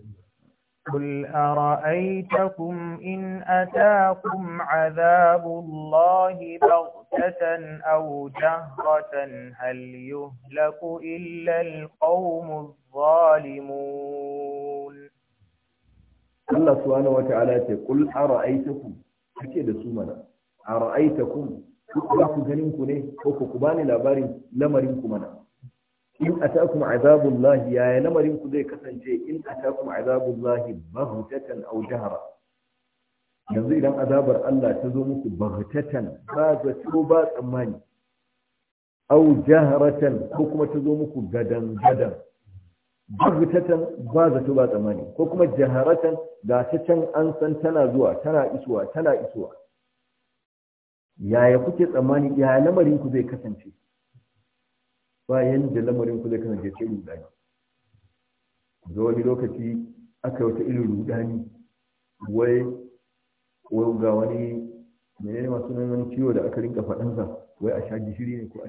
قل أرأيتكم إن أتاكم عذاب الله بغتة بغتة أو جهرة هل يهلك إلا القوم الظالمون Allah subhanahu wa ta'ala ce kul ara'aytakum kace da su mana kun ku ku ganin ku ne ko ku bani labarin lamarin ku mana in atakum azabullahi yaya lamarin ku zai kasance in atakum azabullahi baghtatan aw jahra yanzu idan azabar Allah ta zo muku baghtatan ba zato ba tsammani au jaharatan ko kuma ta zo muku gadan gadan baghtatan ba zato ba tsammani ko kuma jaharatan ga ta can an san tana zuwa tana isuwa tana isuwa yaya kuke tsammani yaya lamarin ku zai kasance bayan da lamarin ku zai kasance sai rudani zo wani lokaci aka yi wata irin rudani wai wai ga wani menene masu nan wani ciwo da aka rinka faɗansa wai a sha gishiri ne ko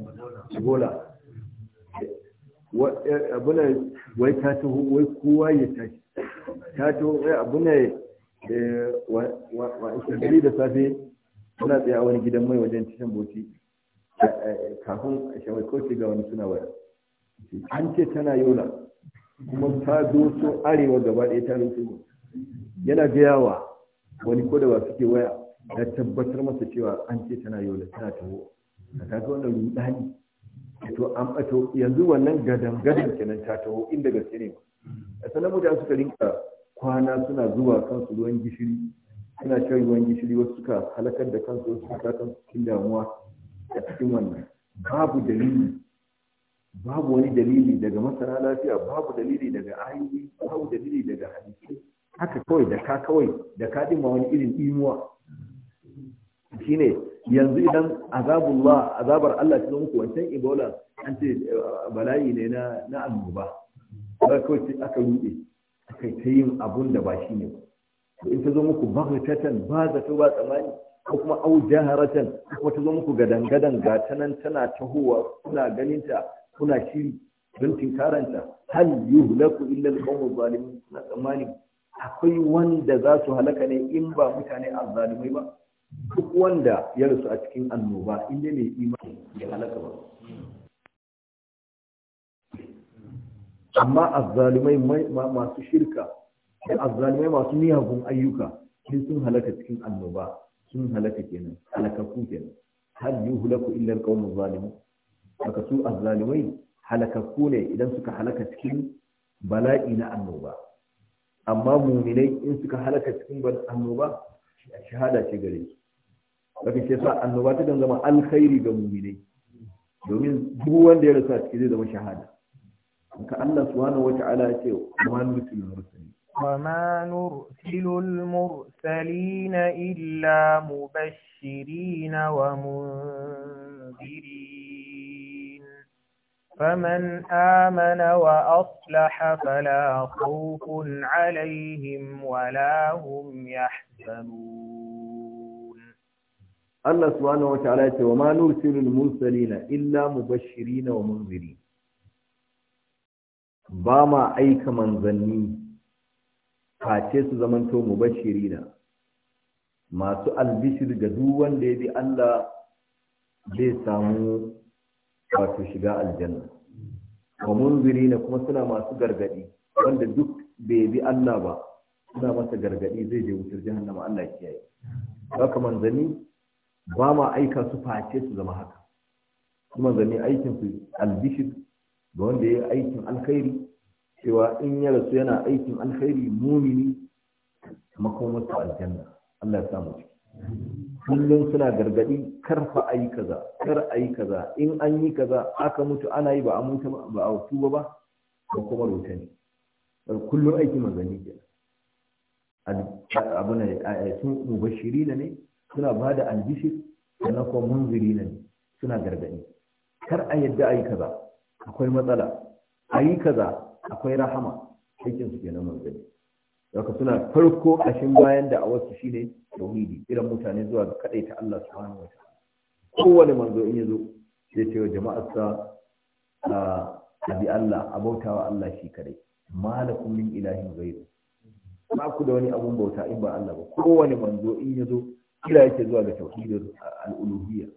a gola eh, abuna wai ta taho wai kowa ya tashi ta taho wai abuna eh, wa gari da safe suna tsaye a wani gidan mai wajen cikin boci eh, kafin a shawai kawai ga wani suna waya an ce tana yola kuma ta so arewa gaba ɗaya ta rufe yana wa. wani ko da ba suke waya na tabbatar masa cewa an ce tana da tana taho ka kaga wannan rudani to an bato yanzu wannan gadan gadan kenan ta taho inda gaske ne ba sanan mutane suka rinka kwana suna zuwa kansu ruwan gishiri suna shan ruwan gishiri wasu suka halakar da kansu wasu suka kansu cikin damuwa a cikin wannan babu dalili babu wani dalili daga masana lafiya babu dalili daga ainihi. babu dalili daga hadisi haka kawai da ka kawai da ka dima wani irin imuwa shine yanzu idan azabullah azabar Allah ta muku wancan ibola an ce eh, bala'i ne na na annoba ba kawai aka rude aka ta yin abun da ba shi ne Ko in ta zo muku baghtatan ba zato ba tsamani ko kuma au jaharatan ko ta zo muku gadangadan ga ta nan tana tahowa kuna ganin ta kuna shiri don tinkaranta hal yuhlaku illa al-qawmu zalimin na tsamani akwai wanda za su halaka ne in ba mutane azzalumai ba duk wanda ya rasu a cikin annoba in ne mai imani ya halaka ba amma azzalumai masu shirka da azzalumai masu miyagun ayyuka sun sun halaka cikin annoba sun halaka kenan halakaku kenan hal yuhlaku illa alqawmu zalimun haka su azzalumai halakaku ne idan suka halaka cikin bala'i na annoba amma muminai in suka halaka cikin ban annoba shahada ce gare su lakin shi yasa annoba ta zama alkhairi ga muminai domin duk wanda ya rasu a ciki zai zama shahada ka Allah subhanahu wata'ala ya ce wa nursilul mursalin wa ma nursilul mursalin illa mubashirin wa فمن آمن وأصلح فلا خوف عليهم ولا هم يحزنون الله سبحانه وتعالى وما نرسل المرسلين إلا مبشرين ومنذرين بما أيك منزلني face su zamanto mubashirina masu albishir ga duk wanda ya bi Allah zai samu wato shiga aljanna wa na kuma suna masu gargadi wanda duk bai bi Allah ba suna masa gargadi zai je wutar jahannama Allah ya kiyaye haka manzanni ba ma aika su face su zama haka su manzanni aikin su albishir ga wanda ya yi aikin alkhairi cewa in ya rasu yana aikin alkhairi mumini makomarsa aljanna Allah ya samu ciki kullum suna gargadi kar fa ayi kaza kar ayi kaza in an yi kaza aka mutu ana yi ba a mutu ba a tuba ba ko kuma rota ne kullum aiki manzanni ke abu ne sun mubashiri ne suna ba da albishir sannan kuma munziri ne suna gargadi kar a yadda ayi kaza akwai matsala ayi kaza akwai rahama Aikinsu su kenan manzanni Daga suna farko ƙashin bayan da a wasu shi ne tauhidi irin mutane zuwa ga ta Allah subhanahu wa Kowane manzo in ya zo zai ce wa jama'arsa a bi Allah a bautawa Allah shi kadai. Malakum min ilahin ghairu. Ba ku da wani abun bauta in ba Allah ba. Kowane manzo in ya zo kira yake zuwa ga tauhidin al'uluhiyya.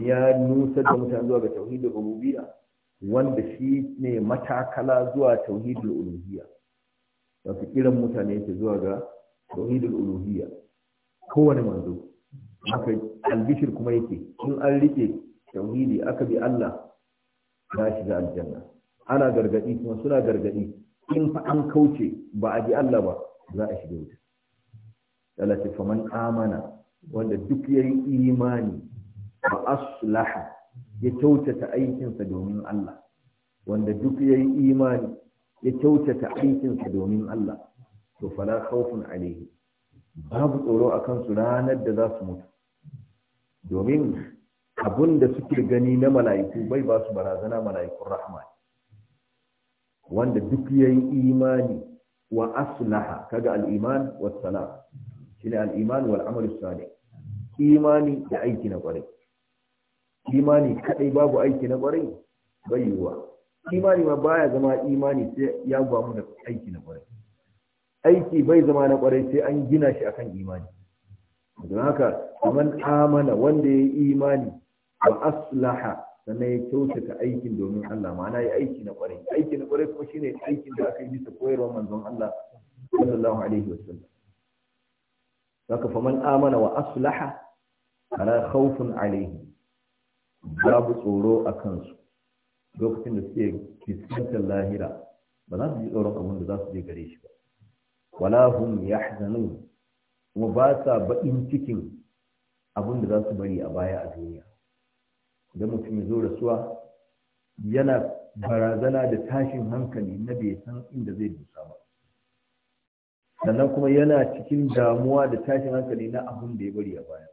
Ya nusar da mutane zuwa ga tauhidin rububiyya wanda shi ne matakala zuwa tauhidin uluhiyya. wato kiran mutane ke zuwa ga tauhidul uluhiyya kowane manzo haka albishir kuma yake in an rike tauhidi aka bi Allah ya shiga aljanna ana gargadi kuma suna gargadi in fa an kauce ba a ji Allah ba za a shiga wuta Allah ce faman amana wanda duk yayi imani ba aslaha ya kyautata aikinsa domin Allah wanda duk yayi imani ya kyautata aikinsa domin Allah to fala khawfun alaihi babu tsoro a kansu ranar da za su mutu domin abun da suke gani na mala'iku bai ba su barazana mala'ikun rahma wanda duk yayi imani wa aslaha kaga al-iman was salam shine al-iman wal amal salih imani da aiki na kwarai imani kadai babu aiki na kwarai bai yiwuwa imani ma baya zama imani sai ya gwamu da aiki na kwarai aiki bai zama na kwarai sai an gina shi akan imani don haka man amana wanda ya yi imani wa aslaha sannan ya kyautata aikin domin Allah ma'ana ya aiki na kwarai aiki na kwarai kuma shine aikin da aka yi bisa koyarwar manzon Allah sallallahu alaihi wasallam haka man amana wa aslaha ala khawfun alaihi babu tsoro a kansu lokacin da suke fuskantar lahira ba za su ji tsoron abin da za su je gare shi ba wala hum yahzanun kuma ba sa baƙin cikin abin da za su bari a baya a duniya idan mutum ya zo rasuwa yana barazana da tashin hankali na bai san inda zai dusa ba sannan kuma yana cikin damuwa da tashin hankali na abin da ya bari a baya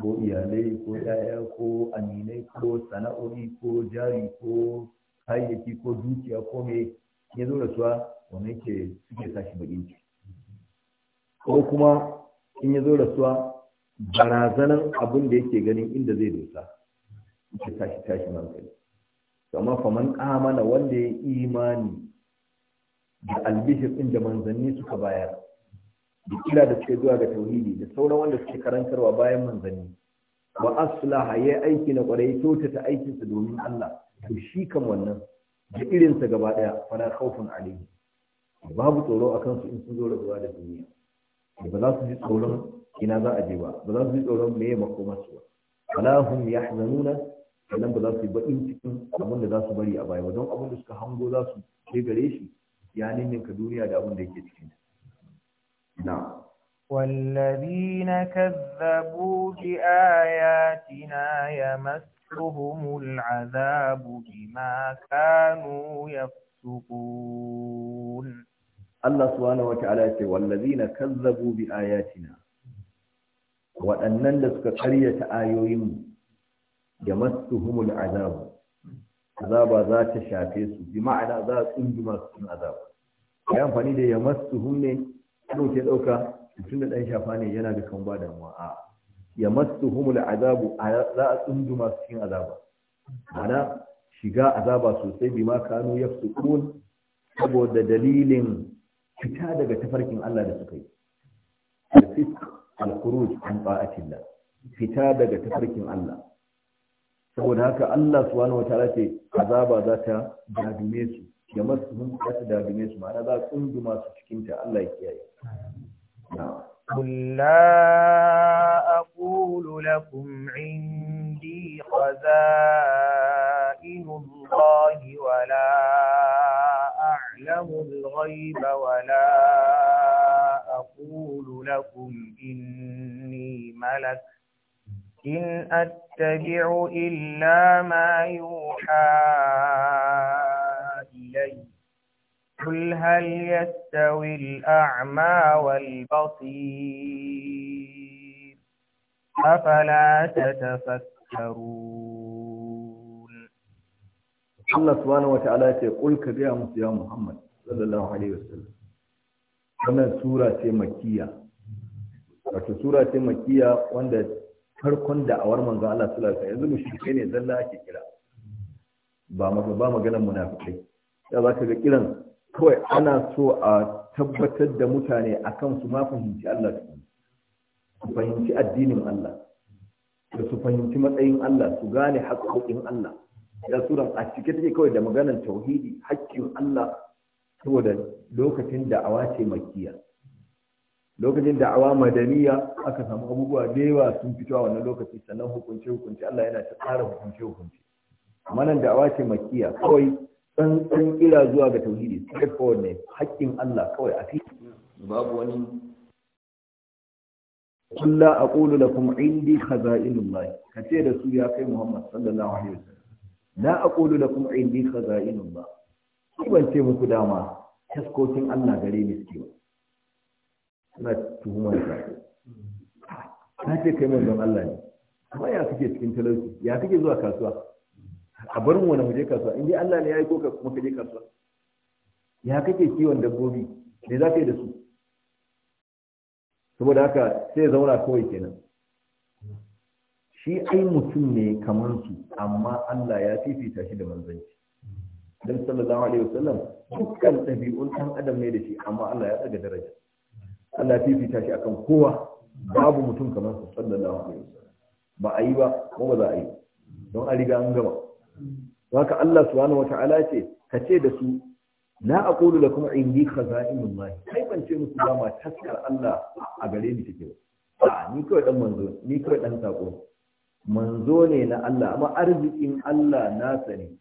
ko iyalai ko yaya ko aminai ko sana'o'i ko jari ko kayayyaki ko dukiya ko me ya zo da rasuwa wannan ke suke sashi bakin ciki ko kuma in ya zo da rasuwa barazanan abin da yake ganin inda zai dosa suke tashi tashi hankali kama faman amana wanda ya imani da albishir inda da manzanni suka bayar da kira da suke zuwa ga tauhidi da sauran wanda suke karantarwa bayan manzanni wa aslaha ya aiki na kwarai kyautata aikinsa domin Allah to shi kan wannan da irinsa gaba daya fara khaufun alayhi babu tsoro akan su in sun zo rabuwa da duniya ba za su ji tsoron ina za a je ba ba za su ji tsoron me ya makoma su ba wala hum yahzanuna sannan ba za su yi in cikin abin da za su bari a baya ba don abin da suka hango za su ke gare shi ya ninninka duniya da abin da yake cikin ta نعم والذين كذبوا بآياتنا يمسهم العذاب بما كانوا يفسقون الله سبحانه وتعالى والذين كذبوا بآياتنا waɗannan da suka karyata ayoyinmu ya masu humul azabu azaba za ta shafe su bi za azabu ya amfani da ya ko ke ɗauka tun da ɗan shafa ne yana da kan ba damuwa a ya masu humul azabu za a tsunduma cikin azaba ana shiga azaba sosai bi ma kanu ya saboda dalilin fita daga tafarkin Allah da suka yi al al-khuruj an ta'atillah fita daga tafarkin Allah saboda haka Allah subhanahu wataala ce azaba za ta jadume su da masu sun kwata da dume su ma'ana za su tsundu masu cikin ta Allah ya kiyaye. Kula a kulu la kun di kwaza inu zuwa wala a lamu zuwa wala a kulu la kun malak. In attabi'u illa ma yuha إليه قل هل يستوي الأعمى والبصير أفلا تتفكرون الله سبحانه وتعالى يقول كبير يا محمد صلى الله عليه وسلم wannan sura ce makiya wato sura ce makiya wanda farkon da awar manzo Allah sallallahu alaihi wasallam yanzu mushrike ne zalla ake kira ba ba maganar munafikai da za ka ga kiran kawai ana so a tabbatar da mutane a kan su ma fahimci Allah su fahimci addinin Allah da su fahimci matsayin Allah su gane haƙoƙin Allah ya suran a cike take kawai da maganar tauhidi haƙƙin Allah saboda lokacin da'awa ce makiya lokacin da'awa madaniya aka samu abubuwa da yawa sun fito a wannan lokaci sannan hukunce hukunce Allah yana ta tsara hukunce hukunce amma nan da'awa ce makiya kawai tsantsan kira zuwa ga tauhidi ko ne hakkin Allah kawai a fi babu wani kullu a lakum indi khaza'inullah ka ce da su ya kai Muhammad sallallahu alaihi wasallam la a lakum indi khaza'inullah ko ban ce muku dama taskokin Allah gare ni suke ba suna tuhumar ka ce kai don Allah ne amma ya kake cikin talauci ya kake zuwa kasuwa a bar mu wani mu je kasuwa in dai Allah ne ya yi ko kuma ka je kasuwa ya kake kiwon dabbobi me za ka yi da su saboda haka sai ya zauna kawai kenan shi ai mutum ne kamar su amma Allah ya fifita shi da manzanci dan sallallahu alaihi wasallam dukkan ɗabi'un ɗan adam ne da shi amma Allah ya tsaga daraja Allah fifita shi akan kowa babu mutum kamar su sallallahu alaihi wasallam ba a yi ba kuma ba za a yi don a riga an gaba Waka Allah subhanahu wata'ala ce ka ce da su la aqulu lakum indi mai kai ban ce musu ba ma taskar Allah a gare ni take ba ni kawai dan manzo ni kawai dan sako manzo ne na Allah amma arzikin Allah na sani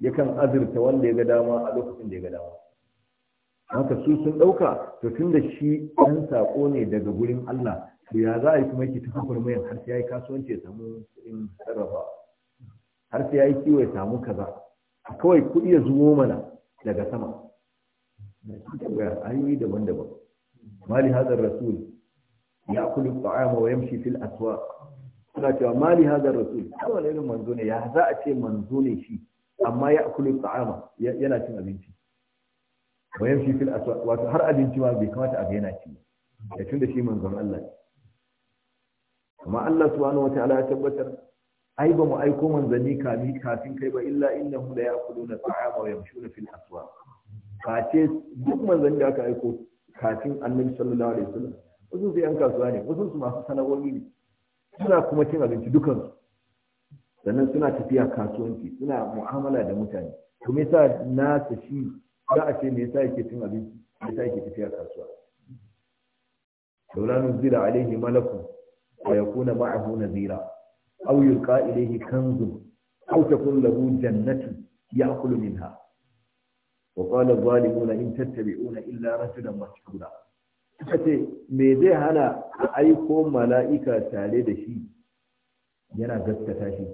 yakan azurta wanda ya ga dama a lokacin da ya ga dama haka su sun ɗauka to tunda shi dan saƙo ne daga gurin Allah to ya za a yi kuma yake ta kafar mayan har sai ya yi kasuwanci ya samu in sarrafa har sai ya yi kiwo ya samu kaza kawai kuɗi ya zuwo mana daga sama daga hanyoyi daban-daban mali hazar rasul ya kulu ta'ama wa yamshi fil aswa suna cewa mali hazar rasul kawai irin manzo ne ya za a ce manzo ne shi amma ya kulu ta'ama yana cin abinci wa yamshi fil aswa wato har abinci ma bai kamata a yana ci da tunda shi manzon Allah ne amma Allah subhanahu ta'ala ya tabbatar ai ba mu aiko manzanni kami kafin kai ba illa innahum la ya'kuluna ta'ama wa yamshuna fil aswaq kace duk manzanni da aka aiko kafin annabi sallallahu alaihi wasallam wasu su yan kasuwa ne wasu su masu sana'o'i ne suna kuma cin abinci dukan sannan suna tafiya kasuwanci suna mu'amala da mutane to me yasa na ta shi za a ce me yasa yake cin abinci me yasa yake tafiya kasuwa dawlanu zira alaihi malakun wa yakuna ma'ahu nazira aw yulqa ilayhi kanzun aw takun lahu jannatu ya'kulu minha wa qala zalimuna in tattabi'una illa rajulan mashhura suka ce me zai hana aiko mala'ika tare da shi yana gaskata shi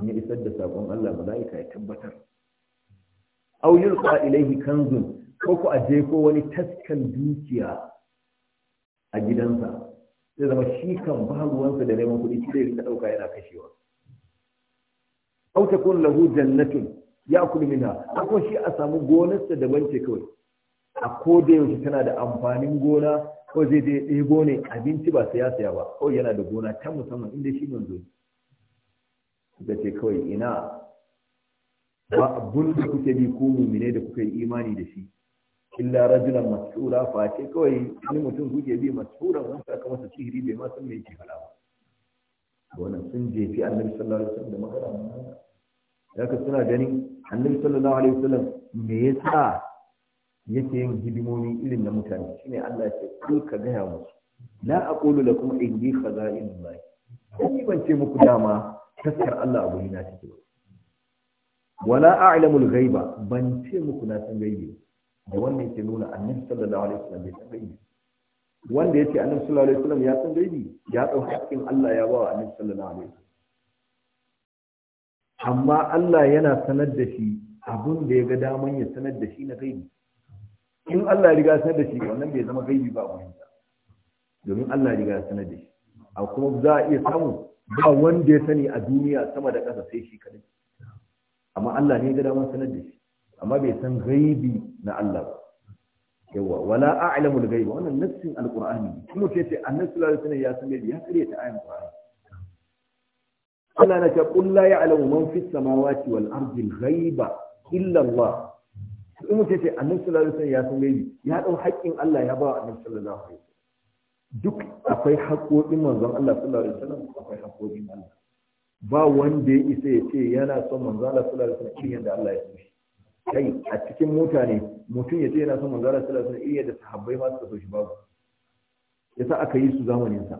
in ya isar da sakon Allah mala'ika ya tabbatar aw yulqa ilayhi kanzun ko ku aje ko wani taskan dukiya a gidansa zai zama shi kan ba ruwansa da neman kuɗi shi zai rinka ɗauka yana kashewa auta kun lahu jannatun ya'kulu mina akwai shi a samu gonarsa daban ce kawai a ko da yaushe tana da amfanin gona ko zai je ɗebo ne abinci ba saya saya ba ko yana da gona ta musamman inda shi zo da ce kawai ina ba abun da kuke bi ko mumine da kuka yi imani da shi illa rajulan mas'ula face kawai wani mutum kuke bi mas'ulan wanda aka masa sihiri bai ma san me yake fada ba wannan sun jefi annabi sallallahu alaihi wasallam da magana mun haka suna ganin annabi sallallahu alaihi wasallam me yasa yake yin hidimomi irin na mutane shine Allah ya ce kul ka gaya musu la aqulu lakum indi khaza'inullah ni ban ce muku dama taskar Allah abu ne na take ba wala a'lamul ghaiba ban ce muku na san gaibi da wannan ke nuna annin sallallahu alaihi wasallam bai san gaibi wanda yace annin sallallahu alaihi wasallam ya san gaibi ya ɗau hakkin Allah ya bawa annin sallallahu alaihi wasallam amma Allah yana sanar da shi abin da ya ga daman ya sanar da shi na gaibi in Allah ya riga sanar da shi wannan bai zama gaibi ba a wani domin Allah ya riga sanar da shi a kuma za a iya samu ba wanda ya sani a duniya sama da ƙasa sai shi kadai amma Allah ne ya ga daman sanar da shi amma bai san gaibi na Allah ba yawa wala a'lamu al-ghaib wannan nassin al-qur'ani kuma ce ce annabi sallallahu alaihi wasallam ya san gaibi ya kare ta ayan qur'ani Allah na ta qul la ya'lamu man fis samawati wal ardi al-ghaiba illa Allah kuma ce ce annabi sallallahu alaihi wasallam ya san gaibi ya dau haƙƙin Allah ya ba annabi sallallahu alaihi wasallam duk akwai haƙoƙin manzon Allah sallallahu alaihi wasallam akwai haƙoƙin Allah ba wanda ya isa ya ce yana son manzon Allah sallallahu alaihi wasallam yadda Allah ya so kai a cikin mutane mutum ya ce yana son manzara Allah sallallahu alaihi wasallam iya da sahabbai ma suka so shi babu yasa aka yi su zamanin sa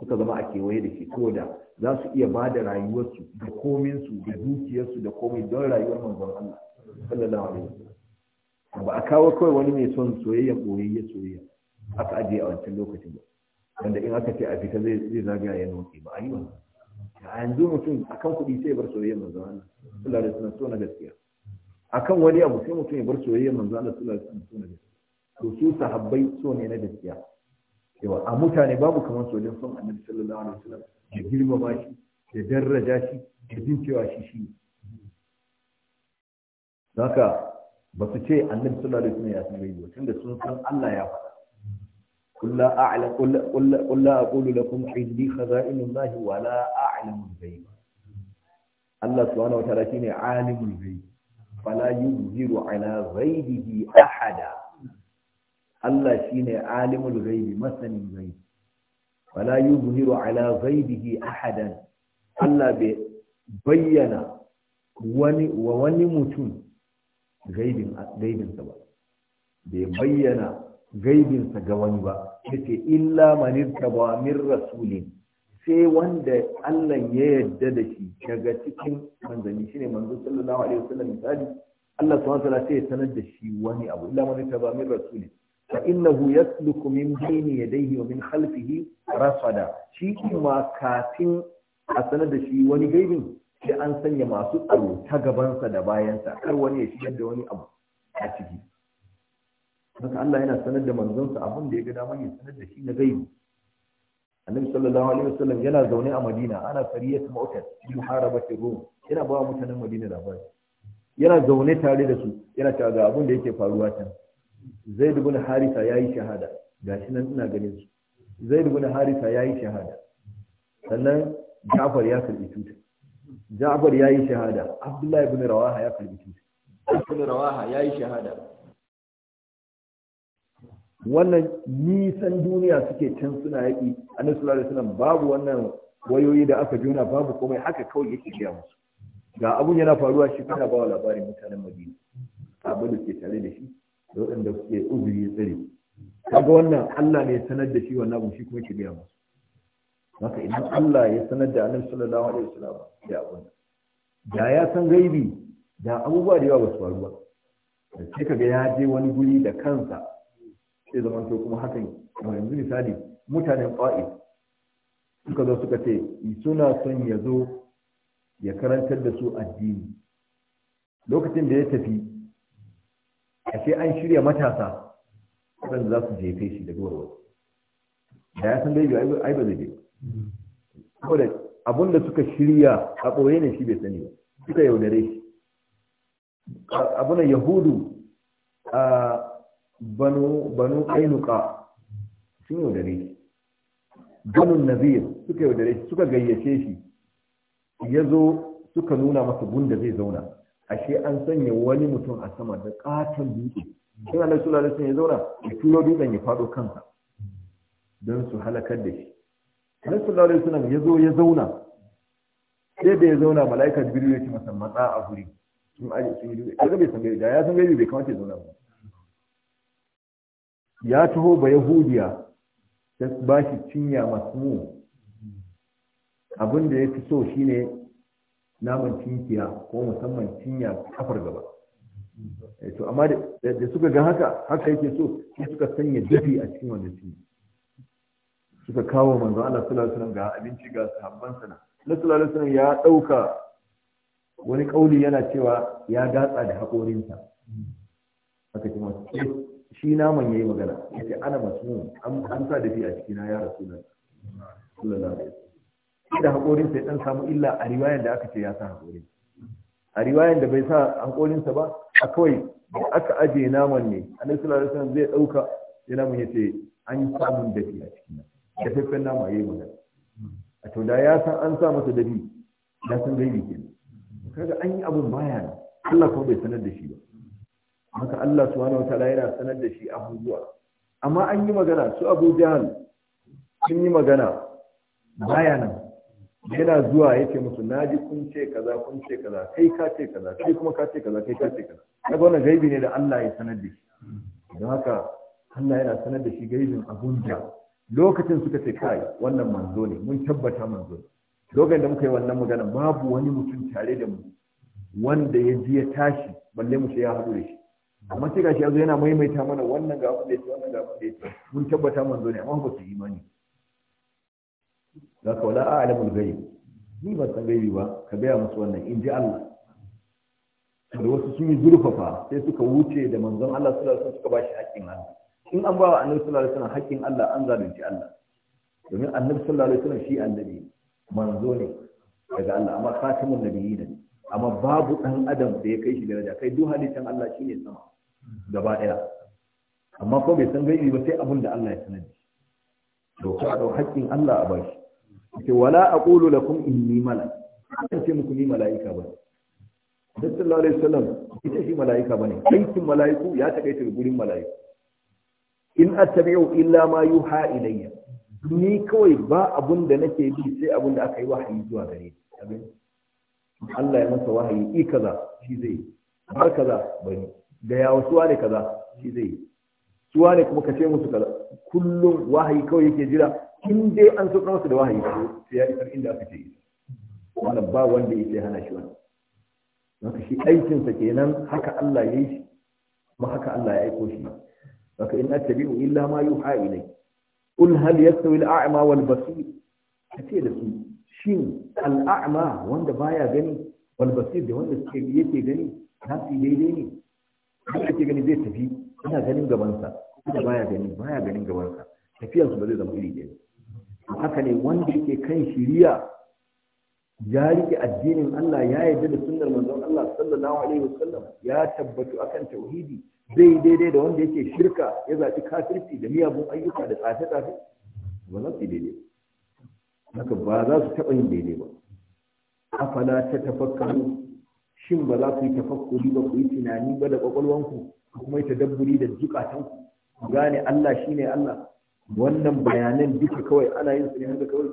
suka zama a kewaye da shi da za su iya ba da rayuwarsu da kominsu da dukiyarsu da komai don rayuwar manzon Allah sallallahu alaihi wasallam ba a kawo kawai wani mai son soyayya boyayya soyayya aka aje a wancan lokacin ba wanda in aka ce a fita zai zai zagaya ya nuke ba a yi ba a yanzu mutum akan kuɗi sai bar soyayya manzon Allah sallallahu alaihi wasallam so na gaskiya akan wani abu sai mutum ya bar soyayya manzo Allah sallallahu alaihi wasallam to su sahabbai so ne na gaskiya yawa a mutane babu kamar soyayya son annabi sallallahu alaihi wasallam da girmama shi ya daraja shi ya jin cewa shi shi haka ba su ce annabi sallallahu alaihi wasallam ya san gaibi tunda sun san Allah ya faɗa قل لا أعلم قل قل قل لا أقول لكم عندي خزائن الله ولا أعلم الغيب الله سبحانه وتعالى عالم الغيب fala yuzhiru ala ghaibihi ahada Allah shine alimul ghaibi masanin ghaibi fala yuzhiru ala ghaibihi ahadan Allah bai bayyana wa wani mutum gaibinsa ba bai bayyana gaibinsa ga wani ba yace illa man min rasulin sai wanda Allah ya yarda da shi daga cikin manzanni shine manzo sallallahu alaihi wasallam misali Allah subhanahu wa ta'ala sai ya sanar da shi wani abu illa man taba min rasuli fa innahu yasluku min bayni yadayhi wa min khalfihi rasada shi kuma kafin a sanar da shi wani gaibin sai an sanya masu tsaro ta gabansa da bayansa kar wani ya shigar da wani abu a ciki haka Allah yana sanar da manzonsa abin da ya ga dama ya sanar da shi na gaibi annabi sallallahu alaihi wasallam yana zaune a madina ana sariyat mu'tad bi muharabati rum yana ba mutanen madina labari yana zaune tare da su yana ta ga abin da yake faruwa can zaid ibn harisa yayi shahada gashi nan ina ganin su zaid ibn harisa yayi shahada sannan ja'far ya karbi tuta ja'far yayi shahada abdullahi ibn rawaha ya karbi tuta ibn rawaha yayi shahada wannan nisan duniya suke can suna yaƙi a sallallahu alaihi babu wannan wayoyi da aka juna babu komai haka kawai yake gaya musu ga abun yana faruwa shi kana bawa labarin mutanen madina abin da suke tare da shi da waɗanda suke uzuri ya tsare kaga wannan Allah ne sanar da shi wannan abu shi kuma ke gaya musu haka idan Allah ya sanar da annabi sallallahu alaihi wasallam ya abun da ya san gaibi da abubuwa da yawa ba su faru ba sai kaga ya je wani guri da kansa sai zaman to kuma hakan kamar yanzu misali mutanen ƙwa'i suka zo suka ce suna son ya zo ya karantar da su addini lokacin da ya tafi ce an shirya matasa waɗanda za su jefe shi da duwarwa da ya san dai ai ba zai je abun da suka shirya a ɓoye ne shi bai sani ba suka yaudare shi abunan yahudu a banu banu kainuka sun yi shi banu nazir suka yaudare shi suka gayyace shi ya zo suka nuna masa gunda zai zauna ashe an sanya wani mutum a sama da katon dutse in Allah sallallahu alaihi ya zauna ya turo dutsen ya fado kansa don su halakar da shi Allah sallallahu alaihi suna ya zo ya zauna sai da ya zauna mala'ika jibril ya ce masa matsa a guri sun aje sun yi dutse kaga bai san da ya san gaibi bai kamata ya zauna ba ya taho ba yahudiya ta ba shi cinya masmu abin da ya fi so shine naman cinkiya ko musamman cinya kafar gaba eh, to amma da suka ga haka haka yake so sai suka sanya dafi a cikin wanda su suka kawo manzo Allah sallallahu alaihi wasallam ga abinci ga sahabban sana Allah sallallahu alaihi wasallam ya dauka wani kauli yana cewa ya datsa da hakorinsa haka kuma shi naman yayi magana yace ana masu an an sa dafi a cikina ya rasulullahi sallallahu alaihi wasallam da hakorin sai dan samu illa a riwayar da aka ce ya sa haƙorin. a riwayar da bai sa hakorin sa ba a kawai aka ajiye naman ne annabi sallallahu alaihi zai dauka sai naman yace an samu dafi a cikina da faffen nama yayi magana a to da ya san an sa masa dafi da sun gaibi kenan kaga an yi abun baya Allah ko bai sanar da shi ba haka Allah subhanahu wataala yana sanar da shi abubuwa amma an yi magana su Abu Jahl sun yi magana baya nan yana zuwa yake musu naji kun ce kaza kun ce kaza kai ka ce kaza kai kuma ka ce kaza kai ka ce kaza kaga wannan gaibi ne da Allah ya sanar da shi don haka Allah yana sanar da shi gaibin abun da lokacin suka ce kai wannan manzo ne mun tabbata manzo ne lokacin da muka yi wannan magana babu wani mutum tare da mu wanda ya ji ya tashi balle mu ce ya haɗu da shi amma sai gashi yazo yana maimaita mana wannan ga abin da yake wannan ga abin da yake mun tabbata manzo ne amma ba su imani Za ka wala a'lamul ghaib ni ba san gaibi ba ka bayar musu wannan in ji Allah da wasu sun yi zurfafa sai suka wuce da manzon Allah sallallahu alaihi wasallam suka bashi haƙƙin Allah in an bawa annabi sallallahu alaihi wasallam haƙƙin Allah an zalunci Allah domin annabi sallallahu alaihi wasallam shi annabi manzo ne daga Allah amma khatimun nabiyyi ne amma babu dan adam da ya kai shi daraja kai duk halittan Allah shine sama gaba ɗaya amma ko bai san gaibi ba sai abin da Allah ya sanar da to ka dau haƙƙin Allah a bashi ce wala aqulu lakum inni malak kan ce muku ni mala'ika ba Nabi sallallahu alaihi wasallam ita shi mala'ika bane aikin mala'iku ya takaita gurin mala'iku in attabi'u illa ma yuha ilayya ni kawai ba abun da nake bi sai abun da aka yi wahayi zuwa gare ni Allah ya masa wahayi i kaza shi zai Ba kaza bari da yawa suwa ne kaza shi zai yi suwa ne kuma ka ce musu kaza kullum wahayi kawai yake jira in dai an so masa da wahayi sai ya isar inda aka ce wannan ba wanda yake hana shi wannan maka shi aikinsa kenan haka Allah ya yi shi kuma haka Allah ya aiko shi maka in biyu, illa ma yuha ilai kul hal yastawi al-a'ma wal basir kace da su shin al-a'ma wanda baya gani wal basir da wanda yake gani nasu daidai ne duk ake gani zai tafi yana ganin gabansa kuma baya gani baya ganin gabansa Tafiyansu ba zai zama iri ɗaya haka ne wanda yake kan shiriya ya rike addinin Allah ya yarda da sunnar manzon Allah sallallahu alaihi wasallam ya tabbatu akan tauhidi zai daidai da wanda yake shirka ya zaci kafirci da miyagun ayyuka da tsafe tsafe ba za su daidai haka ba za su taɓa yin daidai ba afala ta tafakkaru shin ba za ku yi tafakkuri ba ku yi tunani ba da kwakwalwanku ku kuma yi tadabburi da zukatanku ku gane Allah shi ne Allah wannan bayanan duka kawai ana yin su ne haka kawai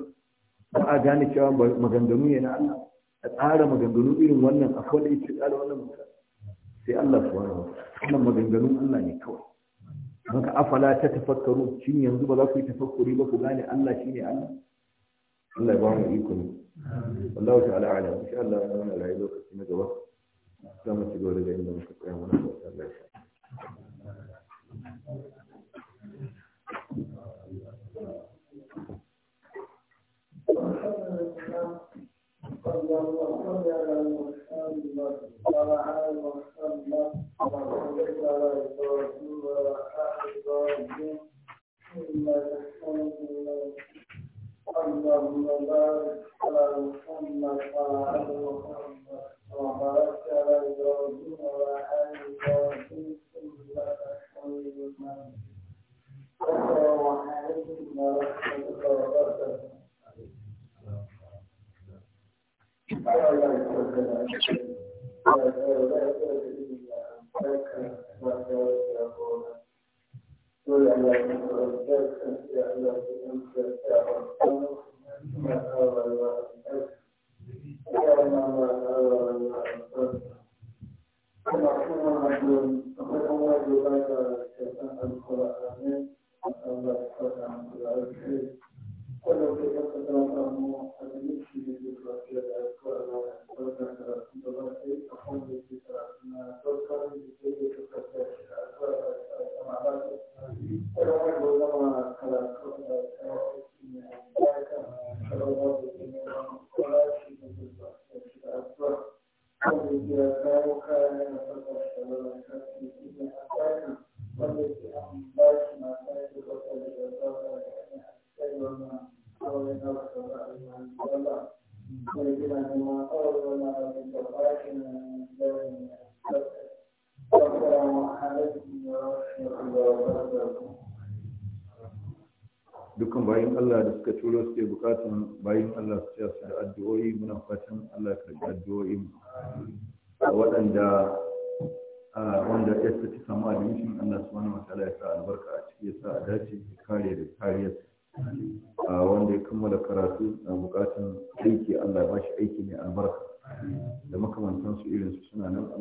ba a gane cewa maganganu ne na Allah a tsara maganganu irin wannan a kawai yake tsara wannan mutane sai Allah subhanahu wa wannan maganganun Allah ne kawai ka afala ta tafakkaru shin yanzu ba za ku yi tafakkuri ba ku gane Allah shi ne Allah Allah ya ba mu iko ne والله تعالى أعلم إن شاء الله أنا لا يدرك في نجوى za mu ci gaba da inda muka tsaya mana bautar lafiya Allahumma barik ala Muhammad wa ala وباركت على إبراهيم وعلى آل إبراهيم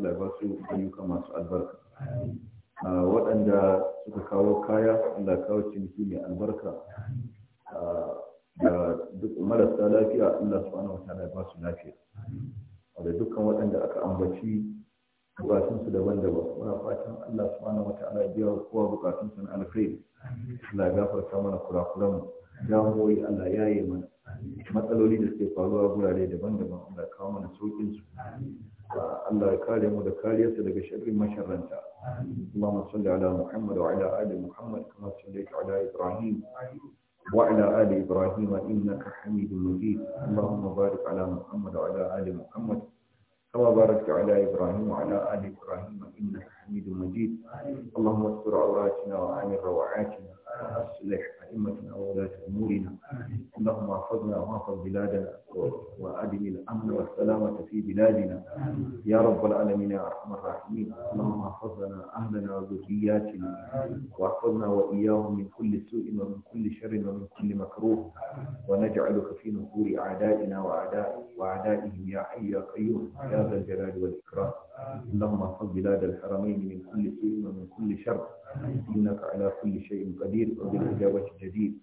Allah ba su ayyuka masu albarka waɗanda suka kawo kaya Allah kawo ciniki mai albarka da duk marasa lafiya Allah su wa wata ba su lafiya da dukkan waɗanda aka ambaci bukatunsu daban-daban muna fatan Allah su wa wata ala biya kowa bukatunsu na alfai Allah ya gafarta mana kurakuran mu damuwoyi Allah ya yi mana matsaloli da suke faruwa gurare daban-daban Allah kawo mana saukin su Allah ya kare mu da kariyarsa daga shirin masharanta. Allah masalli ala wa ala Muhammad kuma salli ka ala Ibrahim wa ala Ibrahim wa inna ka hamidu nufi. Allah mabarik ala Muhammad wa ala Ali Muhammad kama barak ta ala Ibrahim wa ala Ali Ibrahim wa inna ka hamidu majid. Allah masalli ala Ali Ibrahim wa ala Ali Muhammad. أصلح أئمتنا وولاة أمورنا اللهم احفظنا واحفظ بلادنا وأدم الأمن والسلامة في بلادنا يا رب العالمين يا أرحم الراحمين اللهم احفظ لنا أهلنا وذرياتنا واحفظنا وإياهم من كل سوء ومن كل شر ومن كل مكروه ونجعلك في نفور أعدائنا وأعداء وأعدائهم يا حي يا قيوم يا ذا الجلال والإكرام اللهم احفظ بلاد الحرمين من كل سوء ومن كل شر إنك على كل شيء قدير وبالإجابة جديد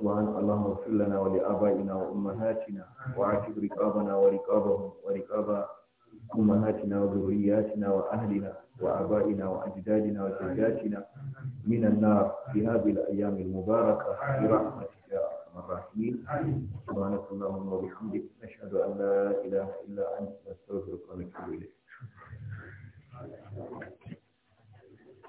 سبحان اللهم اغفر لنا ولآبائنا وأمهاتنا وعاتب رقابنا ورقابهم ورقاب أمهاتنا وذرياتنا وأهلنا وآبائنا وأجدادنا وزوجاتنا من النار في هذه الأيام المباركة برحمتك يا أرحم الراحمين سبحانك اللهم وبحمدك نشهد أن لا إله إلا أنت نستغفرك ونتوب إليك